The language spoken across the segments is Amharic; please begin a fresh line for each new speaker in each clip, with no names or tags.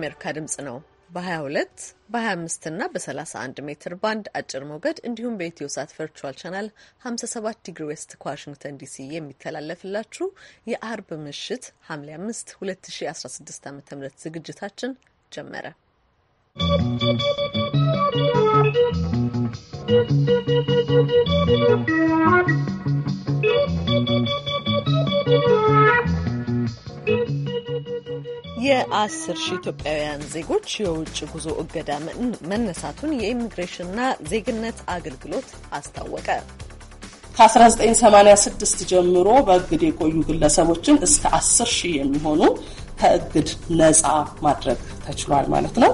የአሜሪካ ድምጽ ነው። በ22 በ25 እና በ31 ሜትር ባንድ አጭር ሞገድ እንዲሁም በኢትዮ ሳት ቨርቹዋል ቻናል 57 ዲግሪ ዌስት ከዋሽንግተን ዲሲ የሚተላለፍላችሁ የአርብ ምሽት ሐምሌ 5 2016 ዓ ም ዝግጅታችን ጀመረ። ¶¶ የአስር ሺህ ኢትዮጵያውያን ዜጎች የውጭ ጉዞ እገዳ መነሳቱን የኢሚግሬሽንና ዜግነት አገልግሎት አስታወቀ። ከ1986 ጀምሮ በእግድ የቆዩ ግለሰቦችን እስከ 10 ሺህ የሚሆኑ ከእግድ ነፃ ማድረግ ተችሏል ማለት ነው።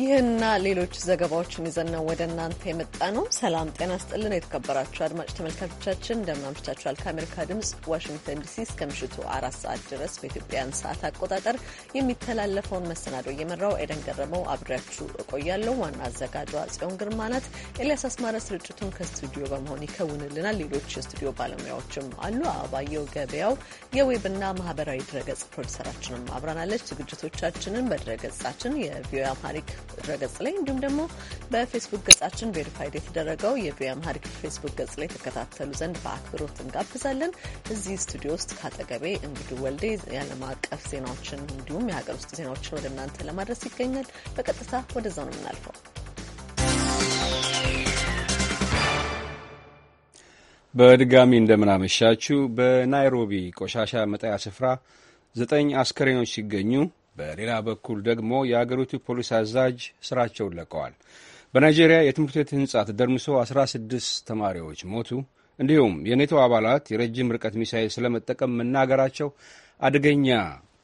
ይህና ሌሎች ዘገባዎችን ይዘን ነው ወደ እናንተ የመጣ ነው። ሰላም ጤና ስጥልን። የተከበራችሁ አድማጭ ተመልካቾቻችን እንደምን አምሽታችኋል? ከአሜሪካ ድምጽ ዋሽንግተን ዲሲ እስከ ምሽቱ አራት ሰዓት ድረስ በኢትዮጵያን ሰዓት አቆጣጠር የሚተላለፈውን መሰናዶ እየመራው ኤደን ገረመው አብሬያችሁ እቆያለሁ። ዋና አዘጋጇ ጽዮን ግርማ ናት። ኤልያስ አስማረ ስርጭቱን ከስቱዲዮ በመሆን ይከውንልናል። ሌሎች የስቱዲዮ ባለሙያዎችም አሉ። አበባየው ገበያው የዌብና ማህበራዊ ድረገጽ ፕሮዲሰራችንም አብራናለች። ዝግጅቶቻችንን በድረገጻችን የቪኦኤ አማሪክ ድረገጽ ላይ እንዲሁም ደግሞ በፌስቡክ ገጻችን ቬሪፋይድ የተደረገው የቪኦኤ አምሃሪክ ፌስቡክ ገጽ ላይ ተከታተሉ ዘንድ በአክብሮት እንጋብዛለን። እዚህ ስቱዲዮ ውስጥ ካጠገቤ እንግዱ ወልዴ የዓለም አቀፍ ዜናዎችን እንዲሁም የሀገር ውስጥ ዜናዎችን ወደ እናንተ ለማድረስ ይገኛል። በቀጥታ ወደዛ ነው የምናልፈው።
በድጋሚ እንደምናመሻችሁ። በናይሮቢ ቆሻሻ መጣያ ስፍራ ዘጠኝ አስከሬኖች ሲገኙ በሌላ በኩል ደግሞ የአገሪቱ ፖሊስ አዛዥ ስራቸውን ለቀዋል። በናይጄሪያ የትምህርት ቤት ህንጻ ተደርምሶ 16 ተማሪዎች ሞቱ። እንዲሁም የኔቶ አባላት የረጅም ርቀት ሚሳይል ስለመጠቀም መናገራቸው አደገኛ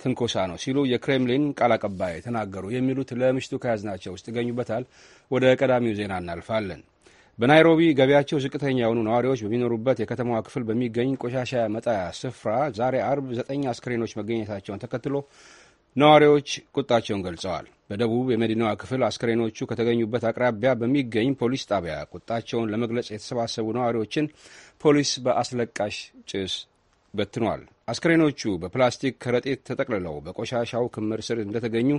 ትንኮሳ ነው ሲሉ የክሬምሊን ቃል አቀባይ ተናገሩ። የሚሉት ለምሽቱ ከያዝናቸው ውስጥ ይገኙበታል። ወደ ቀዳሚው ዜና እናልፋለን። በናይሮቢ ገቢያቸው ዝቅተኛ የሆኑ ነዋሪዎች በሚኖሩበት የከተማዋ ክፍል በሚገኝ ቆሻሻ መጣያ ስፍራ ዛሬ አርብ ዘጠኝ አስክሬኖች መገኘታቸውን ተከትሎ ነዋሪዎች ቁጣቸውን ገልጸዋል። በደቡብ የመዲናዋ ክፍል አስክሬኖቹ ከተገኙበት አቅራቢያ በሚገኝ ፖሊስ ጣቢያ ቁጣቸውን ለመግለጽ የተሰባሰቡ ነዋሪዎችን ፖሊስ በአስለቃሽ ጭስ በትኗል። አስክሬኖቹ በፕላስቲክ ከረጢት ተጠቅልለው በቆሻሻው ክምር ስር እንደተገኙ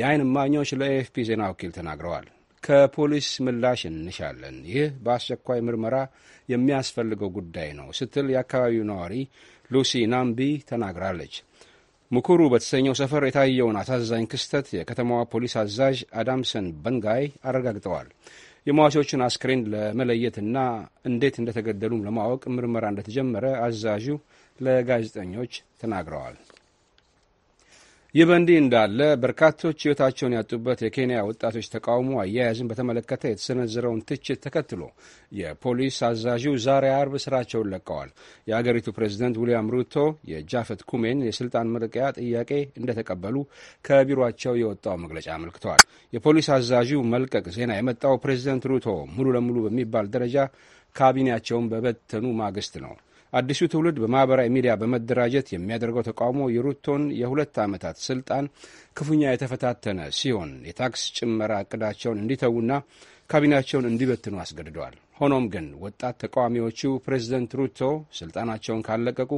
የአይን እማኞች ለኤኤፍፒ ዜና ወኪል ተናግረዋል። ከፖሊስ ምላሽ እንሻለን፣ ይህ በአስቸኳይ ምርመራ የሚያስፈልገው ጉዳይ ነው ስትል የአካባቢው ነዋሪ ሉሲ ናምቢ ተናግራለች። ምኩሩ በተሰኘው ሰፈር የታየውን አሳዛኝ ክስተት የከተማዋ ፖሊስ አዛዥ አዳምሰን በንጋይ አረጋግጠዋል። የሟቾቹን አስክሬን ለመለየትና እንዴት እንደተገደሉም ለማወቅ ምርመራ እንደተጀመረ አዛዡ ለጋዜጠኞች ተናግረዋል። ይህ በእንዲህ እንዳለ በርካቶች ሕይወታቸውን ያጡበት የኬንያ ወጣቶች ተቃውሞ አያያዝን በተመለከተ የተሰነዘረውን ትችት ተከትሎ የፖሊስ አዛዡ ዛሬ አርብ ስራቸውን ለቀዋል። የአገሪቱ ፕሬዚደንት ዊልያም ሩቶ የጃፈት ኩሜን የስልጣን መልቀቂያ ጥያቄ እንደተቀበሉ ከቢሮቸው የወጣው መግለጫ አመልክተዋል። የፖሊስ አዛዡ መልቀቅ ዜና የመጣው ፕሬዚደንት ሩቶ ሙሉ ለሙሉ በሚባል ደረጃ ካቢኔያቸውን በበተኑ ማግስት ነው። አዲሱ ትውልድ በማኅበራዊ ሚዲያ በመደራጀት የሚያደርገው ተቃውሞ የሩቶን የሁለት ዓመታት ስልጣን ክፉኛ የተፈታተነ ሲሆን የታክስ ጭመራ እቅዳቸውን እንዲተዉና ካቢናቸውን እንዲበትኑ አስገድደዋል። ሆኖም ግን ወጣት ተቃዋሚዎቹ ፕሬዚደንት ሩቶ ስልጣናቸውን ካለቀቁ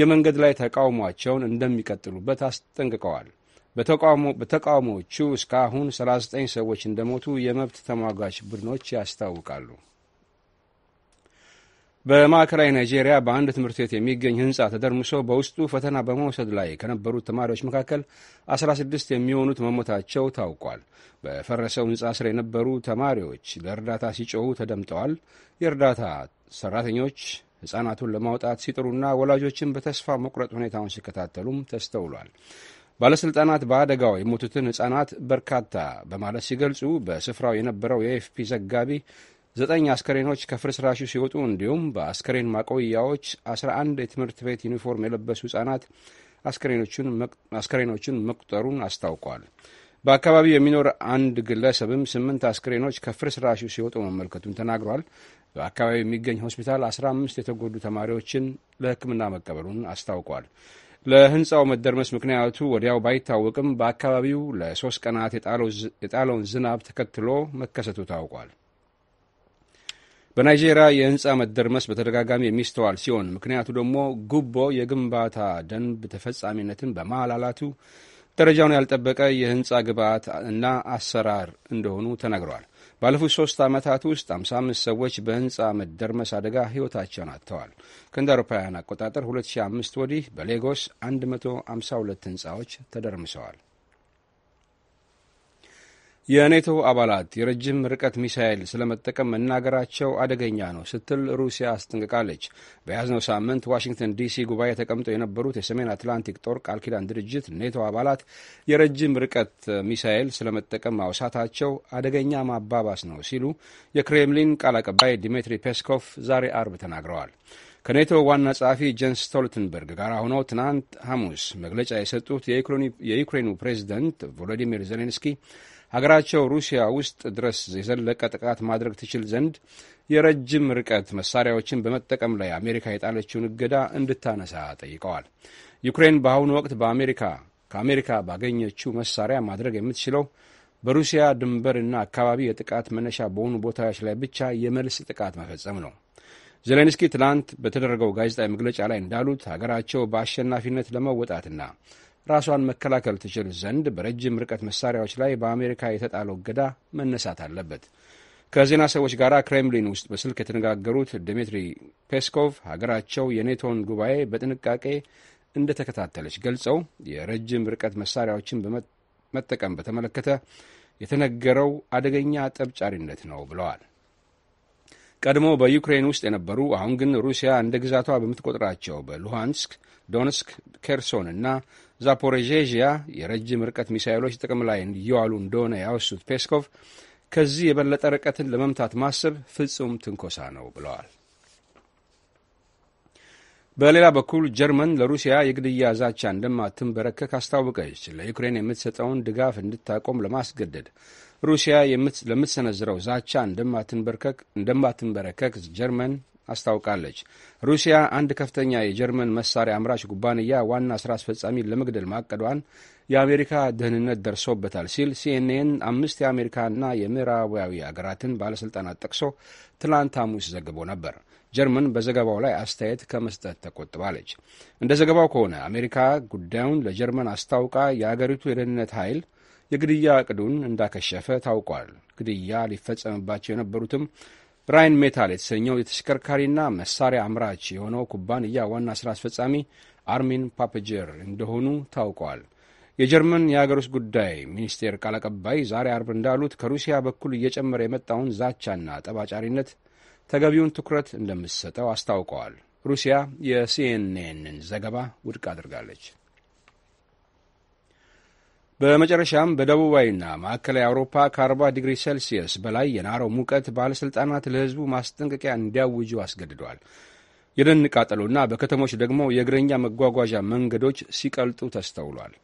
የመንገድ ላይ ተቃውሟቸውን እንደሚቀጥሉበት አስጠንቅቀዋል። በተቃውሞዎቹ እስካሁን 39 ሰዎች እንደሞቱ የመብት ተሟጋች ቡድኖች ያስታውቃሉ። በማዕከላዊ ናይጄሪያ በአንድ ትምህርት ቤት የሚገኝ ህንፃ ተደርምሶ በውስጡ ፈተና በመውሰድ ላይ ከነበሩት ተማሪዎች መካከል 16 የሚሆኑት መሞታቸው ታውቋል። በፈረሰው ህንፃ ስር የነበሩ ተማሪዎች ለእርዳታ ሲጮሁ ተደምጠዋል። የእርዳታ ሰራተኞች ህጻናቱን ለማውጣት ሲጥሩና ወላጆችን በተስፋ መቁረጥ ሁኔታውን ሲከታተሉም ተስተውሏል። ባለሥልጣናት በአደጋው የሞቱትን ህጻናት በርካታ በማለት ሲገልጹ፣ በስፍራው የነበረው የኤፍፒ ዘጋቢ ዘጠኝ አስከሬኖች ከፍርስራሹ ሲወጡ እንዲሁም በአስከሬን ማቆያዎች 11 የትምህርት ቤት ዩኒፎርም የለበሱ ህጻናት አስከሬኖቹን መቁጠሩን አስታውቋል። በአካባቢው የሚኖር አንድ ግለሰብም ስምንት አስከሬኖች ከፍርስራሹ ሲወጡ መመልከቱን ተናግሯል። በአካባቢው የሚገኝ ሆስፒታል 15 የተጎዱ ተማሪዎችን ለሕክምና መቀበሉን አስታውቋል። ለህንፃው መደርመስ ምክንያቱ ወዲያው ባይታወቅም በአካባቢው ለሶስት ቀናት የጣለውን ዝናብ ተከትሎ መከሰቱ ታውቋል። በናይጄሪያ የህንፃ መደርመስ በተደጋጋሚ የሚስተዋል ሲሆን ምክንያቱ ደግሞ ጉቦ የግንባታ ደንብ ተፈጻሚነትን በማላላቱ ደረጃውን ያልጠበቀ የህንፃ ግብዓት እና አሰራር እንደሆኑ ተነግረዋል። ባለፉት ሶስት ዓመታት ውስጥ 55 ሰዎች በህንፃ መደርመስ አደጋ ህይወታቸውን አጥተዋል። ከእንደ አውሮፓውያን አቆጣጠር 2005 ወዲህ በሌጎስ 152 ህንፃዎች ተደርምሰዋል። የኔቶ አባላት የረጅም ርቀት ሚሳኤል ስለመጠቀም መናገራቸው አደገኛ ነው ስትል ሩሲያ አስጠንቅቃለች። በያዝነው ሳምንት ዋሽንግተን ዲሲ ጉባኤ ተቀምጠው የነበሩት የሰሜን አትላንቲክ ጦር ቃል ኪዳን ድርጅት ኔቶ አባላት የረጅም ርቀት ሚሳኤል ስለመጠቀም ማውሳታቸው አደገኛ ማባባስ ነው ሲሉ የክሬምሊን ቃል አቀባይ ዲሚትሪ ፔስኮቭ ዛሬ አርብ ተናግረዋል። ከኔቶ ዋና ጸሐፊ ጀንስ ስቶልተንበርግ ጋር ሆነው ትናንት ሐሙስ መግለጫ የሰጡት የዩክሬኑ ፕሬዚደንት ቮሎዲሚር ዜሌንስኪ ሀገራቸው ሩሲያ ውስጥ ድረስ የዘለቀ ጥቃት ማድረግ ትችል ዘንድ የረጅም ርቀት መሳሪያዎችን በመጠቀም ላይ አሜሪካ የጣለችውን እገዳ እንድታነሳ ጠይቀዋል። ዩክሬን በአሁኑ ወቅት በአሜሪካ ከአሜሪካ ባገኘችው መሳሪያ ማድረግ የምትችለው በሩሲያ ድንበርና አካባቢ የጥቃት መነሻ በሆኑ ቦታዎች ላይ ብቻ የመልስ ጥቃት መፈጸም ነው። ዜሌንስኪ ትላንት በተደረገው ጋዜጣዊ መግለጫ ላይ እንዳሉት ሀገራቸው በአሸናፊነት ለመወጣትና ራሷን መከላከል ትችል ዘንድ በረጅም ርቀት መሳሪያዎች ላይ በአሜሪካ የተጣለው እገዳ መነሳት አለበት። ከዜና ሰዎች ጋር ክሬምሊን ውስጥ በስልክ የተነጋገሩት ድሚትሪ ፔስኮቭ ሀገራቸው የኔቶን ጉባኤ በጥንቃቄ እንደተከታተለች ገልጸው የረጅም ርቀት መሳሪያዎችን በመጠቀም በተመለከተ የተነገረው አደገኛ ጠብጫሪነት ነው ብለዋል። ቀድሞ በዩክሬን ውስጥ የነበሩ አሁን ግን ሩሲያ እንደ ግዛቷ በምትቆጥራቸው በሉሃንስክ፣ ዶንስክ፣ ኬርሶን እና ዛፖሬዥያ የረጅም ርቀት ሚሳይሎች ጥቅም ላይ እየዋሉ እንደሆነ ያወሱት ፔስኮቭ ከዚህ የበለጠ ርቀትን ለመምታት ማሰብ ፍጹም ትንኮሳ ነው ብለዋል። በሌላ በኩል ጀርመን ለሩሲያ የግድያ ዛቻ እንደማትንበረከክ አስታወቀች። ለዩክሬን የምትሰጠውን ድጋፍ እንድታቆም ለማስገደድ ሩሲያ ለምትሰነዝረው ዛቻ እንደማትንበረከክ ጀርመን አስታውቃለች። ሩሲያ አንድ ከፍተኛ የጀርመን መሳሪያ አምራች ኩባንያ ዋና ስራ አስፈጻሚ ለመግደል ማቀዷን የአሜሪካ ደህንነት ደርሶበታል ሲል ሲኤንኤን አምስት የአሜሪካና የምዕራባዊ አገራትን ባለሥልጣናት ጠቅሶ ትላንት ሐሙስ ዘግቦ ነበር። ጀርመን በዘገባው ላይ አስተያየት ከመስጠት ተቆጥባለች። እንደ ዘገባው ከሆነ አሜሪካ ጉዳዩን ለጀርመን አስታውቃ የአገሪቱ የደህንነት ኃይል የግድያ እቅዱን እንዳከሸፈ ታውቋል። ግድያ ሊፈጸምባቸው የነበሩትም ብራይን ሜታል የተሰኘው የተሽከርካሪና መሳሪያ አምራች የሆነው ኩባንያ ዋና ሥራ አስፈጻሚ አርሚን ፓፐጀር እንደሆኑ ታውቋል። የጀርመን የአገር ውስጥ ጉዳይ ሚኒስቴር ቃል አቀባይ ዛሬ አርብ እንዳሉት ከሩሲያ በኩል እየጨመረ የመጣውን ዛቻና ጠባጫሪነት ተገቢውን ትኩረት እንደምትሰጠው አስታውቀዋል። ሩሲያ የሲኤንኤንን ዘገባ ውድቅ አድርጋለች። በመጨረሻም በደቡባዊና ማዕከላዊ አውሮፓ ከ40 ዲግሪ ሴልሲየስ በላይ የናረው ሙቀት ባለሥልጣናት ለሕዝቡ ማስጠንቀቂያ እንዲያውጁ አስገድደዋል። የደን ቃጠሎና በከተሞች ደግሞ የእግረኛ መጓጓዣ መንገዶች ሲቀልጡ ተስተውሏል።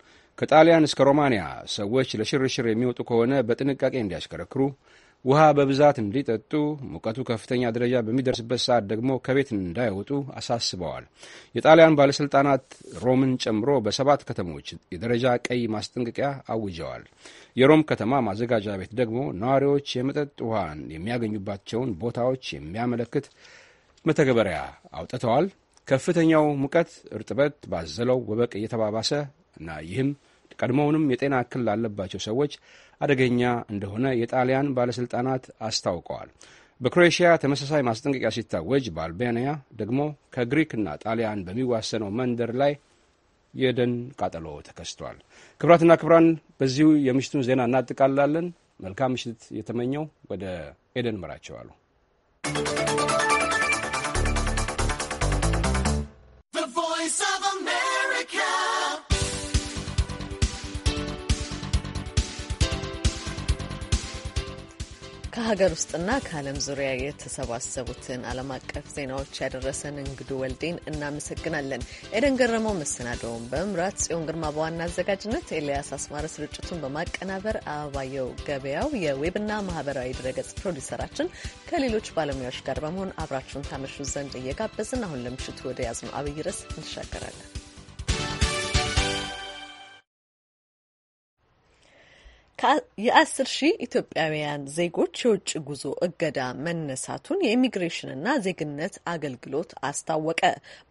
ከጣሊያን እስከ ሮማንያ ሰዎች ለሽርሽር የሚወጡ ከሆነ በጥንቃቄ እንዲያሽከረክሩ ውሃ በብዛት እንዲጠጡ፣ ሙቀቱ ከፍተኛ ደረጃ በሚደርስበት ሰዓት ደግሞ ከቤት እንዳይወጡ አሳስበዋል። የጣሊያን ባለሥልጣናት ሮምን ጨምሮ በሰባት ከተሞች የደረጃ ቀይ ማስጠንቀቂያ አውጀዋል። የሮም ከተማ ማዘጋጃ ቤት ደግሞ ነዋሪዎች የመጠጥ ውሃን የሚያገኙባቸውን ቦታዎች የሚያመለክት መተግበሪያ አውጥተዋል። ከፍተኛው ሙቀት እርጥበት ባዘለው ወበቅ እየተባባሰ እና ይህም ቀድሞውንም የጤና እክል ላለባቸው ሰዎች አደገኛ እንደሆነ የጣሊያን ባለሥልጣናት አስታውቀዋል። በክሮኤሽያ ተመሳሳይ ማስጠንቀቂያ ሲታወጅ፣ በአልቤንያ ደግሞ ከግሪክና ጣሊያን በሚዋሰነው መንደር ላይ የደን ቃጠሎ ተከስቷል። ክብራትና ክብራን በዚሁ የምሽቱን ዜና እናጠቃላለን መልካም ምሽት የተመኘው ወደ ኤደን መራቸው አሉ።
ከሀገር ውስጥና ከዓለም ዙሪያ የተሰባሰቡትን ዓለም አቀፍ ዜናዎች ያደረሰን እንግዱ ወልዴን እናመሰግናለን። ኤደን ገረመው መሰናደውን በመምራት ጽዮን ግርማ በዋና አዘጋጅነት፣ ኤልያስ አስማረ ስርጭቱን በማቀናበር አበባየው ገበያው የዌብና ማህበራዊ ድረገጽ ፕሮዲሰራችን ከሌሎች ባለሙያዎች ጋር በመሆን አብራችሁን ታመሹ ዘንድ እየጋበዝን አሁን ለምሽቱ ወደ ያዝነው አብይ ርዕስ እንሻገራለን። የአስር ሺህ ኢትዮጵያውያን ዜጎች የውጭ ጉዞ እገዳ መነሳቱን የኢሚግሬሽንና ዜግነት አገልግሎት አስታወቀ።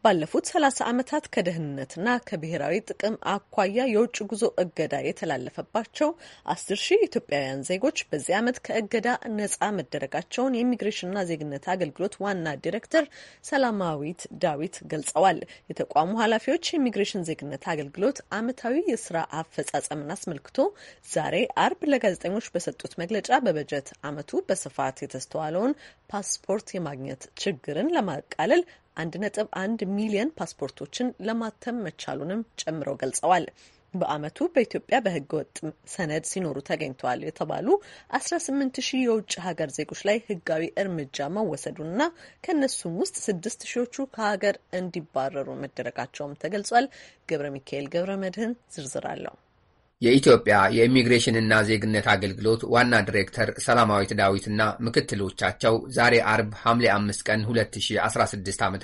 ባለፉት ሰላሳ ዓመታት ከደህንነትና ከብሔራዊ ጥቅም አኳያ የውጭ ጉዞ እገዳ የተላለፈባቸው አስር ሺህ ኢትዮጵያውያን ዜጎች በዚህ ዓመት ከእገዳ ነጻ መደረጋቸውን የኢሚግሬሽንና ዜግነት አገልግሎት ዋና ዲሬክተር ሰላማዊት ዳዊት ገልጸዋል። የተቋሙ ኃላፊዎች የኢሚግሬሽን ዜግነት አገልግሎት ዓመታዊ የስራ አፈጻጸምን አስመልክቶ ዛሬ አርብ ለጋዜጠኞች በሰጡት መግለጫ በበጀት ዓመቱ በስፋት የተስተዋለውን ፓስፖርት የማግኘት ችግርን ለማቃለል አንድ ነጥብ አንድ ሚሊየን ፓስፖርቶችን ለማተም መቻሉንም ጨምረው ገልጸዋል። በአመቱ በኢትዮጵያ በህገወጥ ሰነድ ሲኖሩ ተገኝተዋል የተባሉ 18 ሺህ የውጭ ሀገር ዜጎች ላይ ህጋዊ እርምጃ መወሰዱና ከእነሱም ውስጥ ስድስት ሺዎቹ ከሀገር እንዲባረሩ መደረጋቸውም ተገልጿል። ገብረ ሚካኤል ገብረ መድህን ዝርዝር አለው።
የኢትዮጵያ የኢሚግሬሽንና ዜግነት አገልግሎት ዋና ዲሬክተር ሰላማዊት ዳዊትና ምክትሎቻቸው ዛሬ አርብ ሐምሌ 5 ቀን 2016 ዓ ም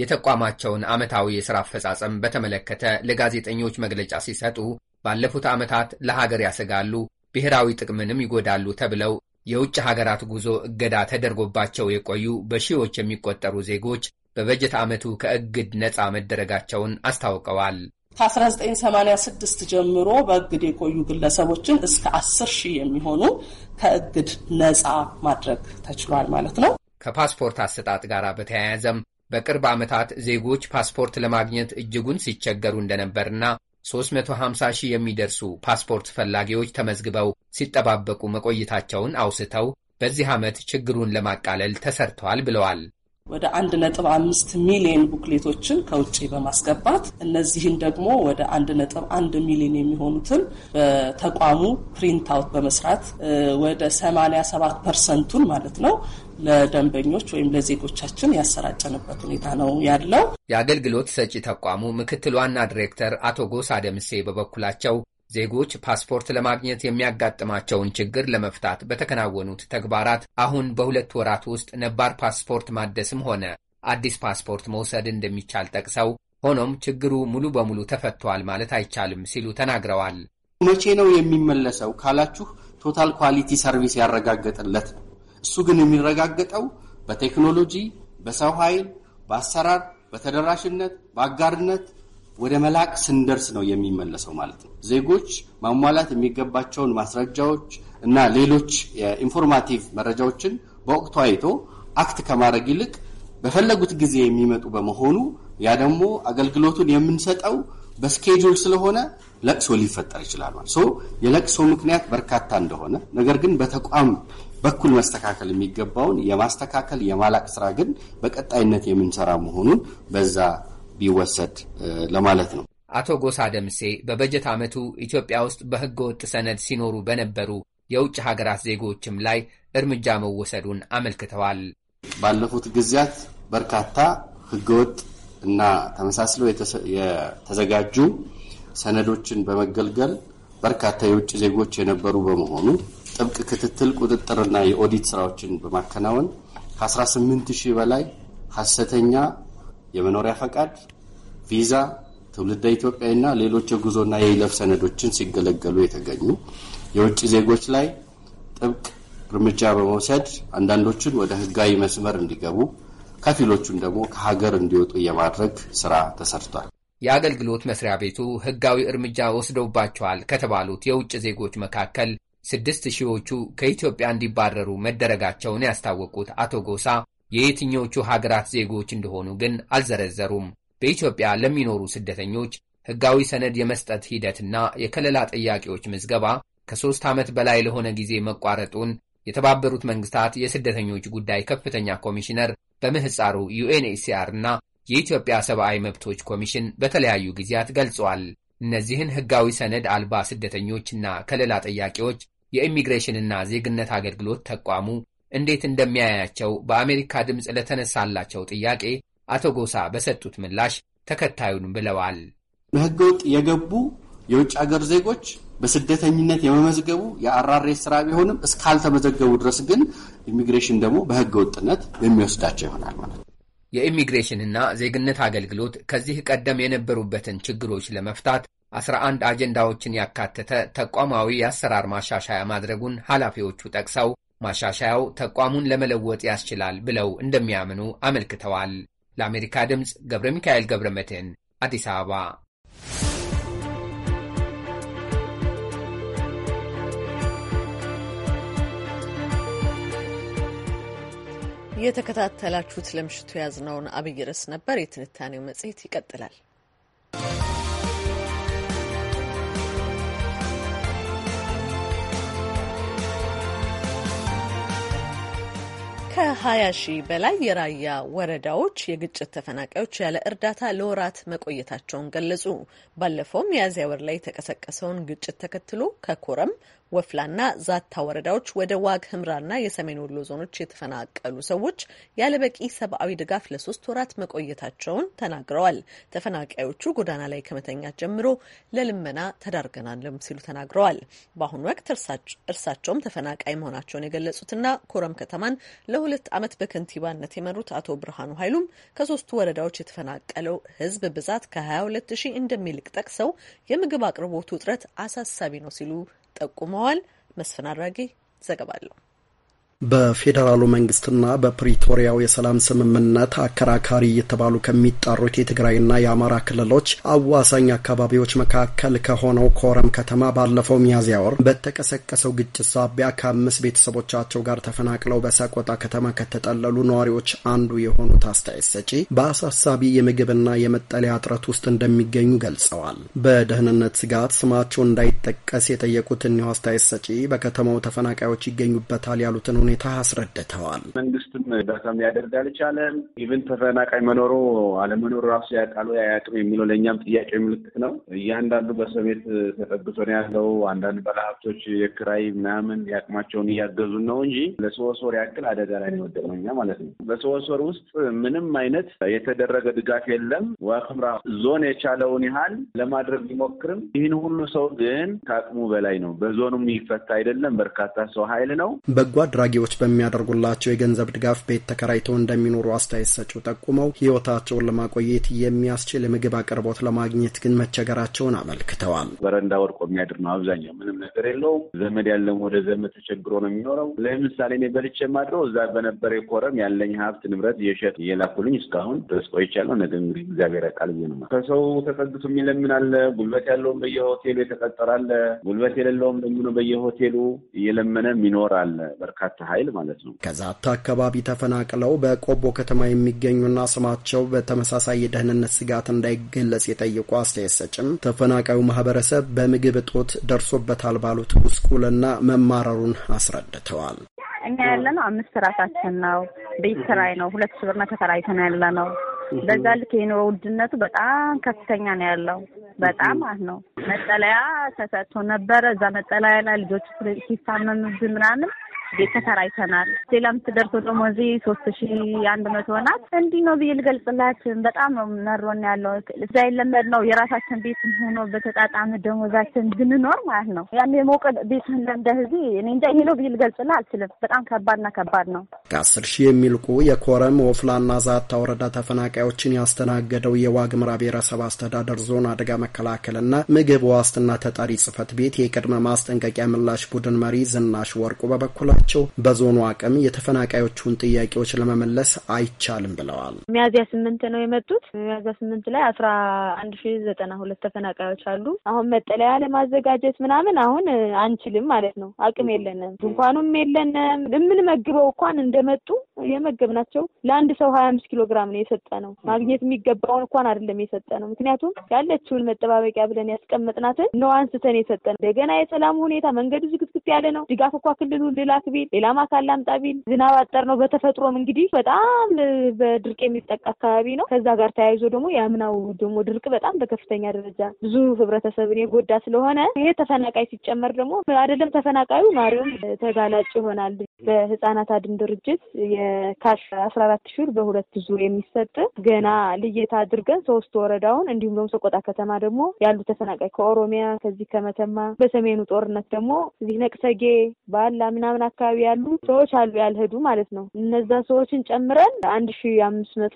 የተቋማቸውን ዓመታዊ የሥራ አፈጻጸም በተመለከተ ለጋዜጠኞች መግለጫ ሲሰጡ ባለፉት ዓመታት ለሀገር ያሰጋሉ፣ ብሔራዊ ጥቅምንም ይጎዳሉ ተብለው የውጭ ሀገራት ጉዞ እገዳ ተደርጎባቸው የቆዩ በሺዎች የሚቆጠሩ ዜጎች በበጀት ዓመቱ ከእግድ ነፃ መደረጋቸውን አስታውቀዋል።
ከ1986 ጀምሮ በእግድ የቆዩ ግለሰቦችን እስከ 10 ሺህ የሚሆኑ
ከእግድ ነፃ ማድረግ ተችሏል ማለት ነው። ከፓስፖርት አሰጣጥ ጋር በተያያዘም በቅርብ ዓመታት ዜጎች ፓስፖርት ለማግኘት እጅጉን ሲቸገሩ እንደነበርና 350 ሺህ የሚደርሱ ፓስፖርት ፈላጊዎች ተመዝግበው ሲጠባበቁ መቆየታቸውን አውስተው በዚህ ዓመት ችግሩን ለማቃለል ተሰርተዋል ብለዋል።
ወደ አንድ ነጥብ አምስት ሚሊዮን ቡክሌቶችን ከውጭ በማስገባት እነዚህን ደግሞ ወደ አንድ ነጥብ አንድ ሚሊዮን የሚሆኑትን በተቋሙ ፕሪንት አውት በመስራት ወደ ሰማንያ ሰባት ፐርሰንቱን ማለት ነው ለደንበኞች ወይም ለዜጎቻችን
ያሰራጨንበት ሁኔታ ነው ያለው። የአገልግሎት ሰጪ ተቋሙ ምክትል ዋና ዲሬክተር አቶ ጎሳ ደምሴ በበኩላቸው ዜጎች ፓስፖርት ለማግኘት የሚያጋጥማቸውን ችግር ለመፍታት በተከናወኑት ተግባራት አሁን በሁለት ወራት ውስጥ ነባር ፓስፖርት ማደስም ሆነ አዲስ ፓስፖርት መውሰድ እንደሚቻል ጠቅሰው ሆኖም ችግሩ ሙሉ በሙሉ ተፈቷል ማለት አይቻልም ሲሉ ተናግረዋል። መቼ
ነው የሚመለሰው ካላችሁ
ቶታል ኳሊቲ
ሰርቪስ ያረጋገጠለት ነው። እሱ ግን የሚረጋገጠው በቴክኖሎጂ፣ በሰው ኃይል፣ በአሰራር፣ በተደራሽነት፣ በአጋርነት ወደ መላቅ ስንደርስ ነው የሚመለሰው ማለት ነው። ዜጎች ማሟላት የሚገባቸውን ማስረጃዎች እና ሌሎች የኢንፎርማቲቭ መረጃዎችን በወቅቱ አይቶ አክት ከማድረግ ይልቅ በፈለጉት ጊዜ የሚመጡ በመሆኑ ያ ደግሞ አገልግሎቱን የምንሰጠው በስኬጁል ስለሆነ ለቅሶ ሊፈጠር ይችላል ማለት የለቅሶ ምክንያት በርካታ እንደሆነ ነገር ግን በተቋም በኩል መስተካከል የሚገባውን የማስተካከል የማላቅ ስራ ግን በቀጣይነት የምንሰራ መሆኑን በዛ ቢወሰድ ለማለት ነው።
አቶ ጎሳ ደምሴ በበጀት ዓመቱ ኢትዮጵያ ውስጥ በሕገ ወጥ ሰነድ ሲኖሩ በነበሩ የውጭ ሀገራት ዜጎችም ላይ እርምጃ መወሰዱን አመልክተዋል።
ባለፉት ጊዜያት በርካታ ወጥ እና ተመሳስለው የተዘጋጁ ሰነዶችን በመገልገል በርካታ የውጭ ዜጎች የነበሩ በመሆኑ ጥብቅ ክትትል፣ ቁጥጥርና የኦዲት ስራዎችን በማከናወን ከ18 ሺህ በላይ ሀሰተኛ የመኖሪያ ፈቃድ ቪዛ፣ ትውልደ ኢትዮጵያና ሌሎች የጉዞና የይለፍ ሰነዶችን ሲገለገሉ የተገኙ የውጭ ዜጎች ላይ ጥብቅ እርምጃ በመውሰድ አንዳንዶቹን ወደ ህጋዊ መስመር እንዲገቡ ከፊሎቹን ደግሞ ከሀገር እንዲወጡ የማድረግ ስራ ተሰርቷል።
የአገልግሎት መስሪያ ቤቱ ህጋዊ እርምጃ ወስደውባቸዋል ከተባሉት የውጭ ዜጎች መካከል ስድስት ሺዎቹ ከኢትዮጵያ እንዲባረሩ መደረጋቸውን ያስታወቁት አቶ ጎሳ የየትኞቹ ሀገራት ዜጎች እንደሆኑ ግን አልዘረዘሩም። በኢትዮጵያ ለሚኖሩ ስደተኞች ሕጋዊ ሰነድ የመስጠት ሂደትና የከለላ ጥያቄዎች ምዝገባ ከሦስት ዓመት በላይ ለሆነ ጊዜ መቋረጡን የተባበሩት መንግሥታት የስደተኞች ጉዳይ ከፍተኛ ኮሚሽነር በምህፃሩ ዩኤንኤችሲአር እና የኢትዮጵያ ሰብአዊ መብቶች ኮሚሽን በተለያዩ ጊዜያት ገልጿል። እነዚህን ሕጋዊ ሰነድ አልባ ስደተኞችና ከለላ ጥያቄዎች የኢሚግሬሽንና ዜግነት አገልግሎት ተቋሙ እንዴት እንደሚያያቸው በአሜሪካ ድምፅ ለተነሳላቸው ጥያቄ አቶ ጎሳ በሰጡት ምላሽ ተከታዩን ብለዋል። በህገ ወጥ
የገቡ
የውጭ ሀገር ዜጎች በስደተኝነት የመመዝገቡ የአራሬ ስራ ቢሆንም እስካልተመዘገቡ ድረስ ግን ኢሚግሬሽን ደግሞ በህገ ወጥነት የሚወስዳቸው ይሆናል ማለት ነው።
የኢሚግሬሽንና ዜግነት አገልግሎት ከዚህ ቀደም የነበሩበትን ችግሮች ለመፍታት 11 አጀንዳዎችን ያካተተ ተቋማዊ የአሰራር ማሻሻያ ማድረጉን ኃላፊዎቹ ጠቅሰው ማሻሻያው ተቋሙን ለመለወጥ ያስችላል ብለው እንደሚያምኑ አመልክተዋል። ለአሜሪካ ድምፅ ገብረ ሚካኤል ገብረ መድህን አዲስ አበባ።
እየተከታተላችሁት ለምሽቱ የያዝነውን አብይ ርዕስ ነበር። የትንታኔው መጽሔት ይቀጥላል። ከ20 ሺህ በላይ የራያ ወረዳዎች የግጭት ተፈናቃዮች ያለ እርዳታ ለወራት መቆየታቸውን ገለጹ። ባለፈው ሚያዝያ ወር ላይ የተቀሰቀሰውን ግጭት ተከትሎ ከኮረም ወፍላና ዛታ ወረዳዎች ወደ ዋግ ህምራና የሰሜን ወሎ ዞኖች የተፈናቀሉ ሰዎች ያለበቂ ሰብአዊ ድጋፍ ለሶስት ወራት መቆየታቸውን ተናግረዋል። ተፈናቃዮቹ ጎዳና ላይ ከመተኛት ጀምሮ ለልመና ተዳርገናልም ሲሉ ተናግረዋል። በአሁኑ ወቅት እርሳቸውም ተፈናቃይ መሆናቸውን የገለጹትና ኮረም ከተማን ለሁለት ዓመት በከንቲባነት የመሩት አቶ ብርሃኑ ኃይሉም ከሶስቱ ወረዳዎች የተፈናቀለው ህዝብ ብዛት ከ22 ሺህ እንደሚልቅ ጠቅሰው የምግብ አቅርቦቱ ውጥረት አሳሳቢ ነው ሲሉ ጠቁመዋል። መስፍን አድራጌ ዘገባ አለው።
በፌዴራሉ መንግስትና በፕሪቶሪያው የሰላም ስምምነት አከራካሪ እየተባሉ ከሚጠሩት የትግራይና የአማራ ክልሎች አዋሳኝ አካባቢዎች መካከል ከሆነው ኮረም ከተማ ባለፈው ሚያዝያ ወር በተቀሰቀሰው ግጭት ሳቢያ ከአምስት ቤተሰቦቻቸው ጋር ተፈናቅለው በሰቆጣ ከተማ ከተጠለሉ ነዋሪዎች አንዱ የሆኑት አስተያየት ሰጪ በአሳሳቢ የምግብና የመጠለያ እጥረት ውስጥ እንደሚገኙ ገልጸዋል። በደህንነት ስጋት ስማቸው እንዳይጠቀስ የጠየቁት እኒሁ አስተያየት ሰጪ በከተማው ተፈናቃዮች ይገኙበታል ያሉትን ሁኔታ አስረድተዋል።
መንግስትም እርዳታ ሊያደርግ አልቻለም። ኢቨን ተፈናቃይ መኖሩ አለመኖሩ ራሱ ያውቃሉ አያውቅም የሚለው ለእኛም ጥያቄ ምልክት ነው። እያንዳንዱ በሰቤት ቤት ተጠግቶ ነው ያለው። አንዳንድ ባለሀብቶች የክራይ ምናምን ያቅማቸውን እያገዙን ነው እንጂ ለሶስት ወር ያክል አደጋ ላይ የወደቅነው እኛ ማለት ነው። በሶስት ወር ውስጥ ምንም አይነት የተደረገ ድጋፍ የለም። ዋክምራ ዞን የቻለውን ያህል ለማድረግ ቢሞክርም ይህን ሁሉ ሰው ግን ከአቅሙ በላይ ነው። በዞኑም ይፈታ አይደለም። በርካታ ሰው ኃይል ነው።
በጎ አድራጊ ተዋጊዎች በሚያደርጉላቸው የገንዘብ ድጋፍ ቤት ተከራይተው እንደሚኖሩ አስተያየት ሰጪው ጠቁመው ህይወታቸውን ለማቆየት የሚያስችል የምግብ አቅርቦት ለማግኘት ግን መቸገራቸውን
አመልክተዋል። በረንዳ ወድቆ የሚያድር ነው አብዛኛው፣ ምንም ነገር የለውም። ዘመድ ያለም ወደ ዘመድ ተቸግሮ ነው የሚኖረው። ለምሳሌ እኔ በልቼ የማድረው እዛ በነበረ ኮረም ያለኝ ሀብት ንብረት እየሸጥ እየላኩልኝ እስካሁን ድረስ ቆይቻለሁ። ነገ እንግዲህ እግዚአብሔር ያውቃል ብዬ ነው። ከሰው ተጠግቶ የሚለምን አለ። ጉልበት ያለውም በየሆቴሉ የተቀጠራለ፣ ጉልበት የሌለውም ደግሞ በየሆቴሉ እየለመነ የሚኖር አለ በርካታ ኃይል ማለት ነው።
ከዛታ አካባቢ ተፈናቅለው በቆቦ ከተማ የሚገኙና ስማቸው በተመሳሳይ የደህንነት ስጋት እንዳይገለጽ የጠየቁ አስተያየት ሰጭም ተፈናቃዩ ማህበረሰብ በምግብ እጦት ደርሶበታል ባሉት ቁስቁልና መማረሩን አስረድተዋል።
እኛ ያለ ነው አምስት ራሳችን ነው ቤት ኪራይ ነው ሁለት ሺህ ብር ነው ተከራይተን ያለ
ነው። በዛ ልክ
የኑሮ ውድነቱ በጣም ከፍተኛ ነው ያለው በጣም ማለት ነው። መጠለያ ተሰጥቶ ነበረ። እዛ መጠለያ ላይ ልጆች ሲታመምብን ምናምን ቤት ተከራይተናል። ሌላ የምትደርሰው ደግሞ እዚህ ሶስት ሺ አንድ መቶ ናት። እንዲህ ነው ብዬ ልገልጽላችን በጣም ነው መሮን ያለው እዛ የለመድ ነው የራሳችን ቤት ሆኖ በተጣጣመ ደሞዛችን ብንኖር ማለት ነው። ያን የሞቀ ቤት እንደዚህ እዚህ እኔ እንጃ ይሄ ነው ብዬ ልገልጽላ አልችልም። በጣም ከባድና ከባድ ነው።
ከአስር ሺህ የሚልቁ የኮረም ወፍላና ዛታ ወረዳ ተፈናቃዮችን ያስተናገደው የዋግ ምራ ብሔረሰብ አስተዳደር ዞን አደጋ መከላከልና ምግብ ዋስትና ተጠሪ ጽህፈት ቤት የቅድመ ማስጠንቀቂያ ምላሽ ቡድን መሪ ዝናሽ ወርቁ በበኩላ በመሆናቸው በዞኑ አቅም የተፈናቃዮቹን ጥያቄዎች ለመመለስ አይቻልም ብለዋል።
ሚያዝያ ስምንት ነው የመጡት። ሚያዝያ ስምንት ላይ አስራ አንድ ሺ ዘጠና ሁለት ተፈናቃዮች አሉ። አሁን መጠለያ ለማዘጋጀት ምናምን አሁን አንችልም ማለት ነው። አቅም የለንም፣ ድንኳኑም የለንም። የምንመግበው እንኳን እንደመጡ የመገብናቸው ለአንድ ሰው ሀያ አምስት ኪሎ ግራም ነው የሰጠ ነው። ማግኘት የሚገባውን እንኳን አይደለም የሰጠ ነው። ምክንያቱም ያለችውን መጠባበቂያ ብለን ያስቀመጥናትን ነው አንስተን የሰጠ ነው። እንደገና የሰላሙ ሁኔታ መንገዱ ዝግትግት ያለ ነው። ድጋፍ እኳ ክልሉ ልላክ ቢል፣ ሌላ ማሳል አምጣ ቢል፣ ዝናብ አጠር ነው። በተፈጥሮም እንግዲህ በጣም በድርቅ የሚጠቃ አካባቢ ነው። ከዛ ጋር ተያይዞ ደግሞ የአምናው ደግሞ ድርቅ በጣም በከፍተኛ ደረጃ ብዙ ህብረተሰብን የጎዳ ስለሆነ ይሄ ተፈናቃይ ሲጨመር ደግሞ አይደለም ተፈናቃዩ ማሪውም ተጋላጭ ይሆናል። በህጻናት አድን ድርጅት የካሽ አስራ አራት ሺህ በሁለት ዙር የሚሰጥ ገና ልየታ አድርገን ሶስት ወረዳውን እንዲሁም ደግሞ ሰቆጣ ከተማ ደግሞ ያሉ ተፈናቃይ ከኦሮሚያ ከዚህ ከመተማ በሰሜኑ ጦርነት ደግሞ እዚህ ነቅሰጌ ባላ ምናምን አካባቢ አካባቢ ያሉ ሰዎች አሉ ያልሄዱ ማለት ነው። እነዛ ሰዎችን ጨምረን አንድ ሺ አምስት መቶ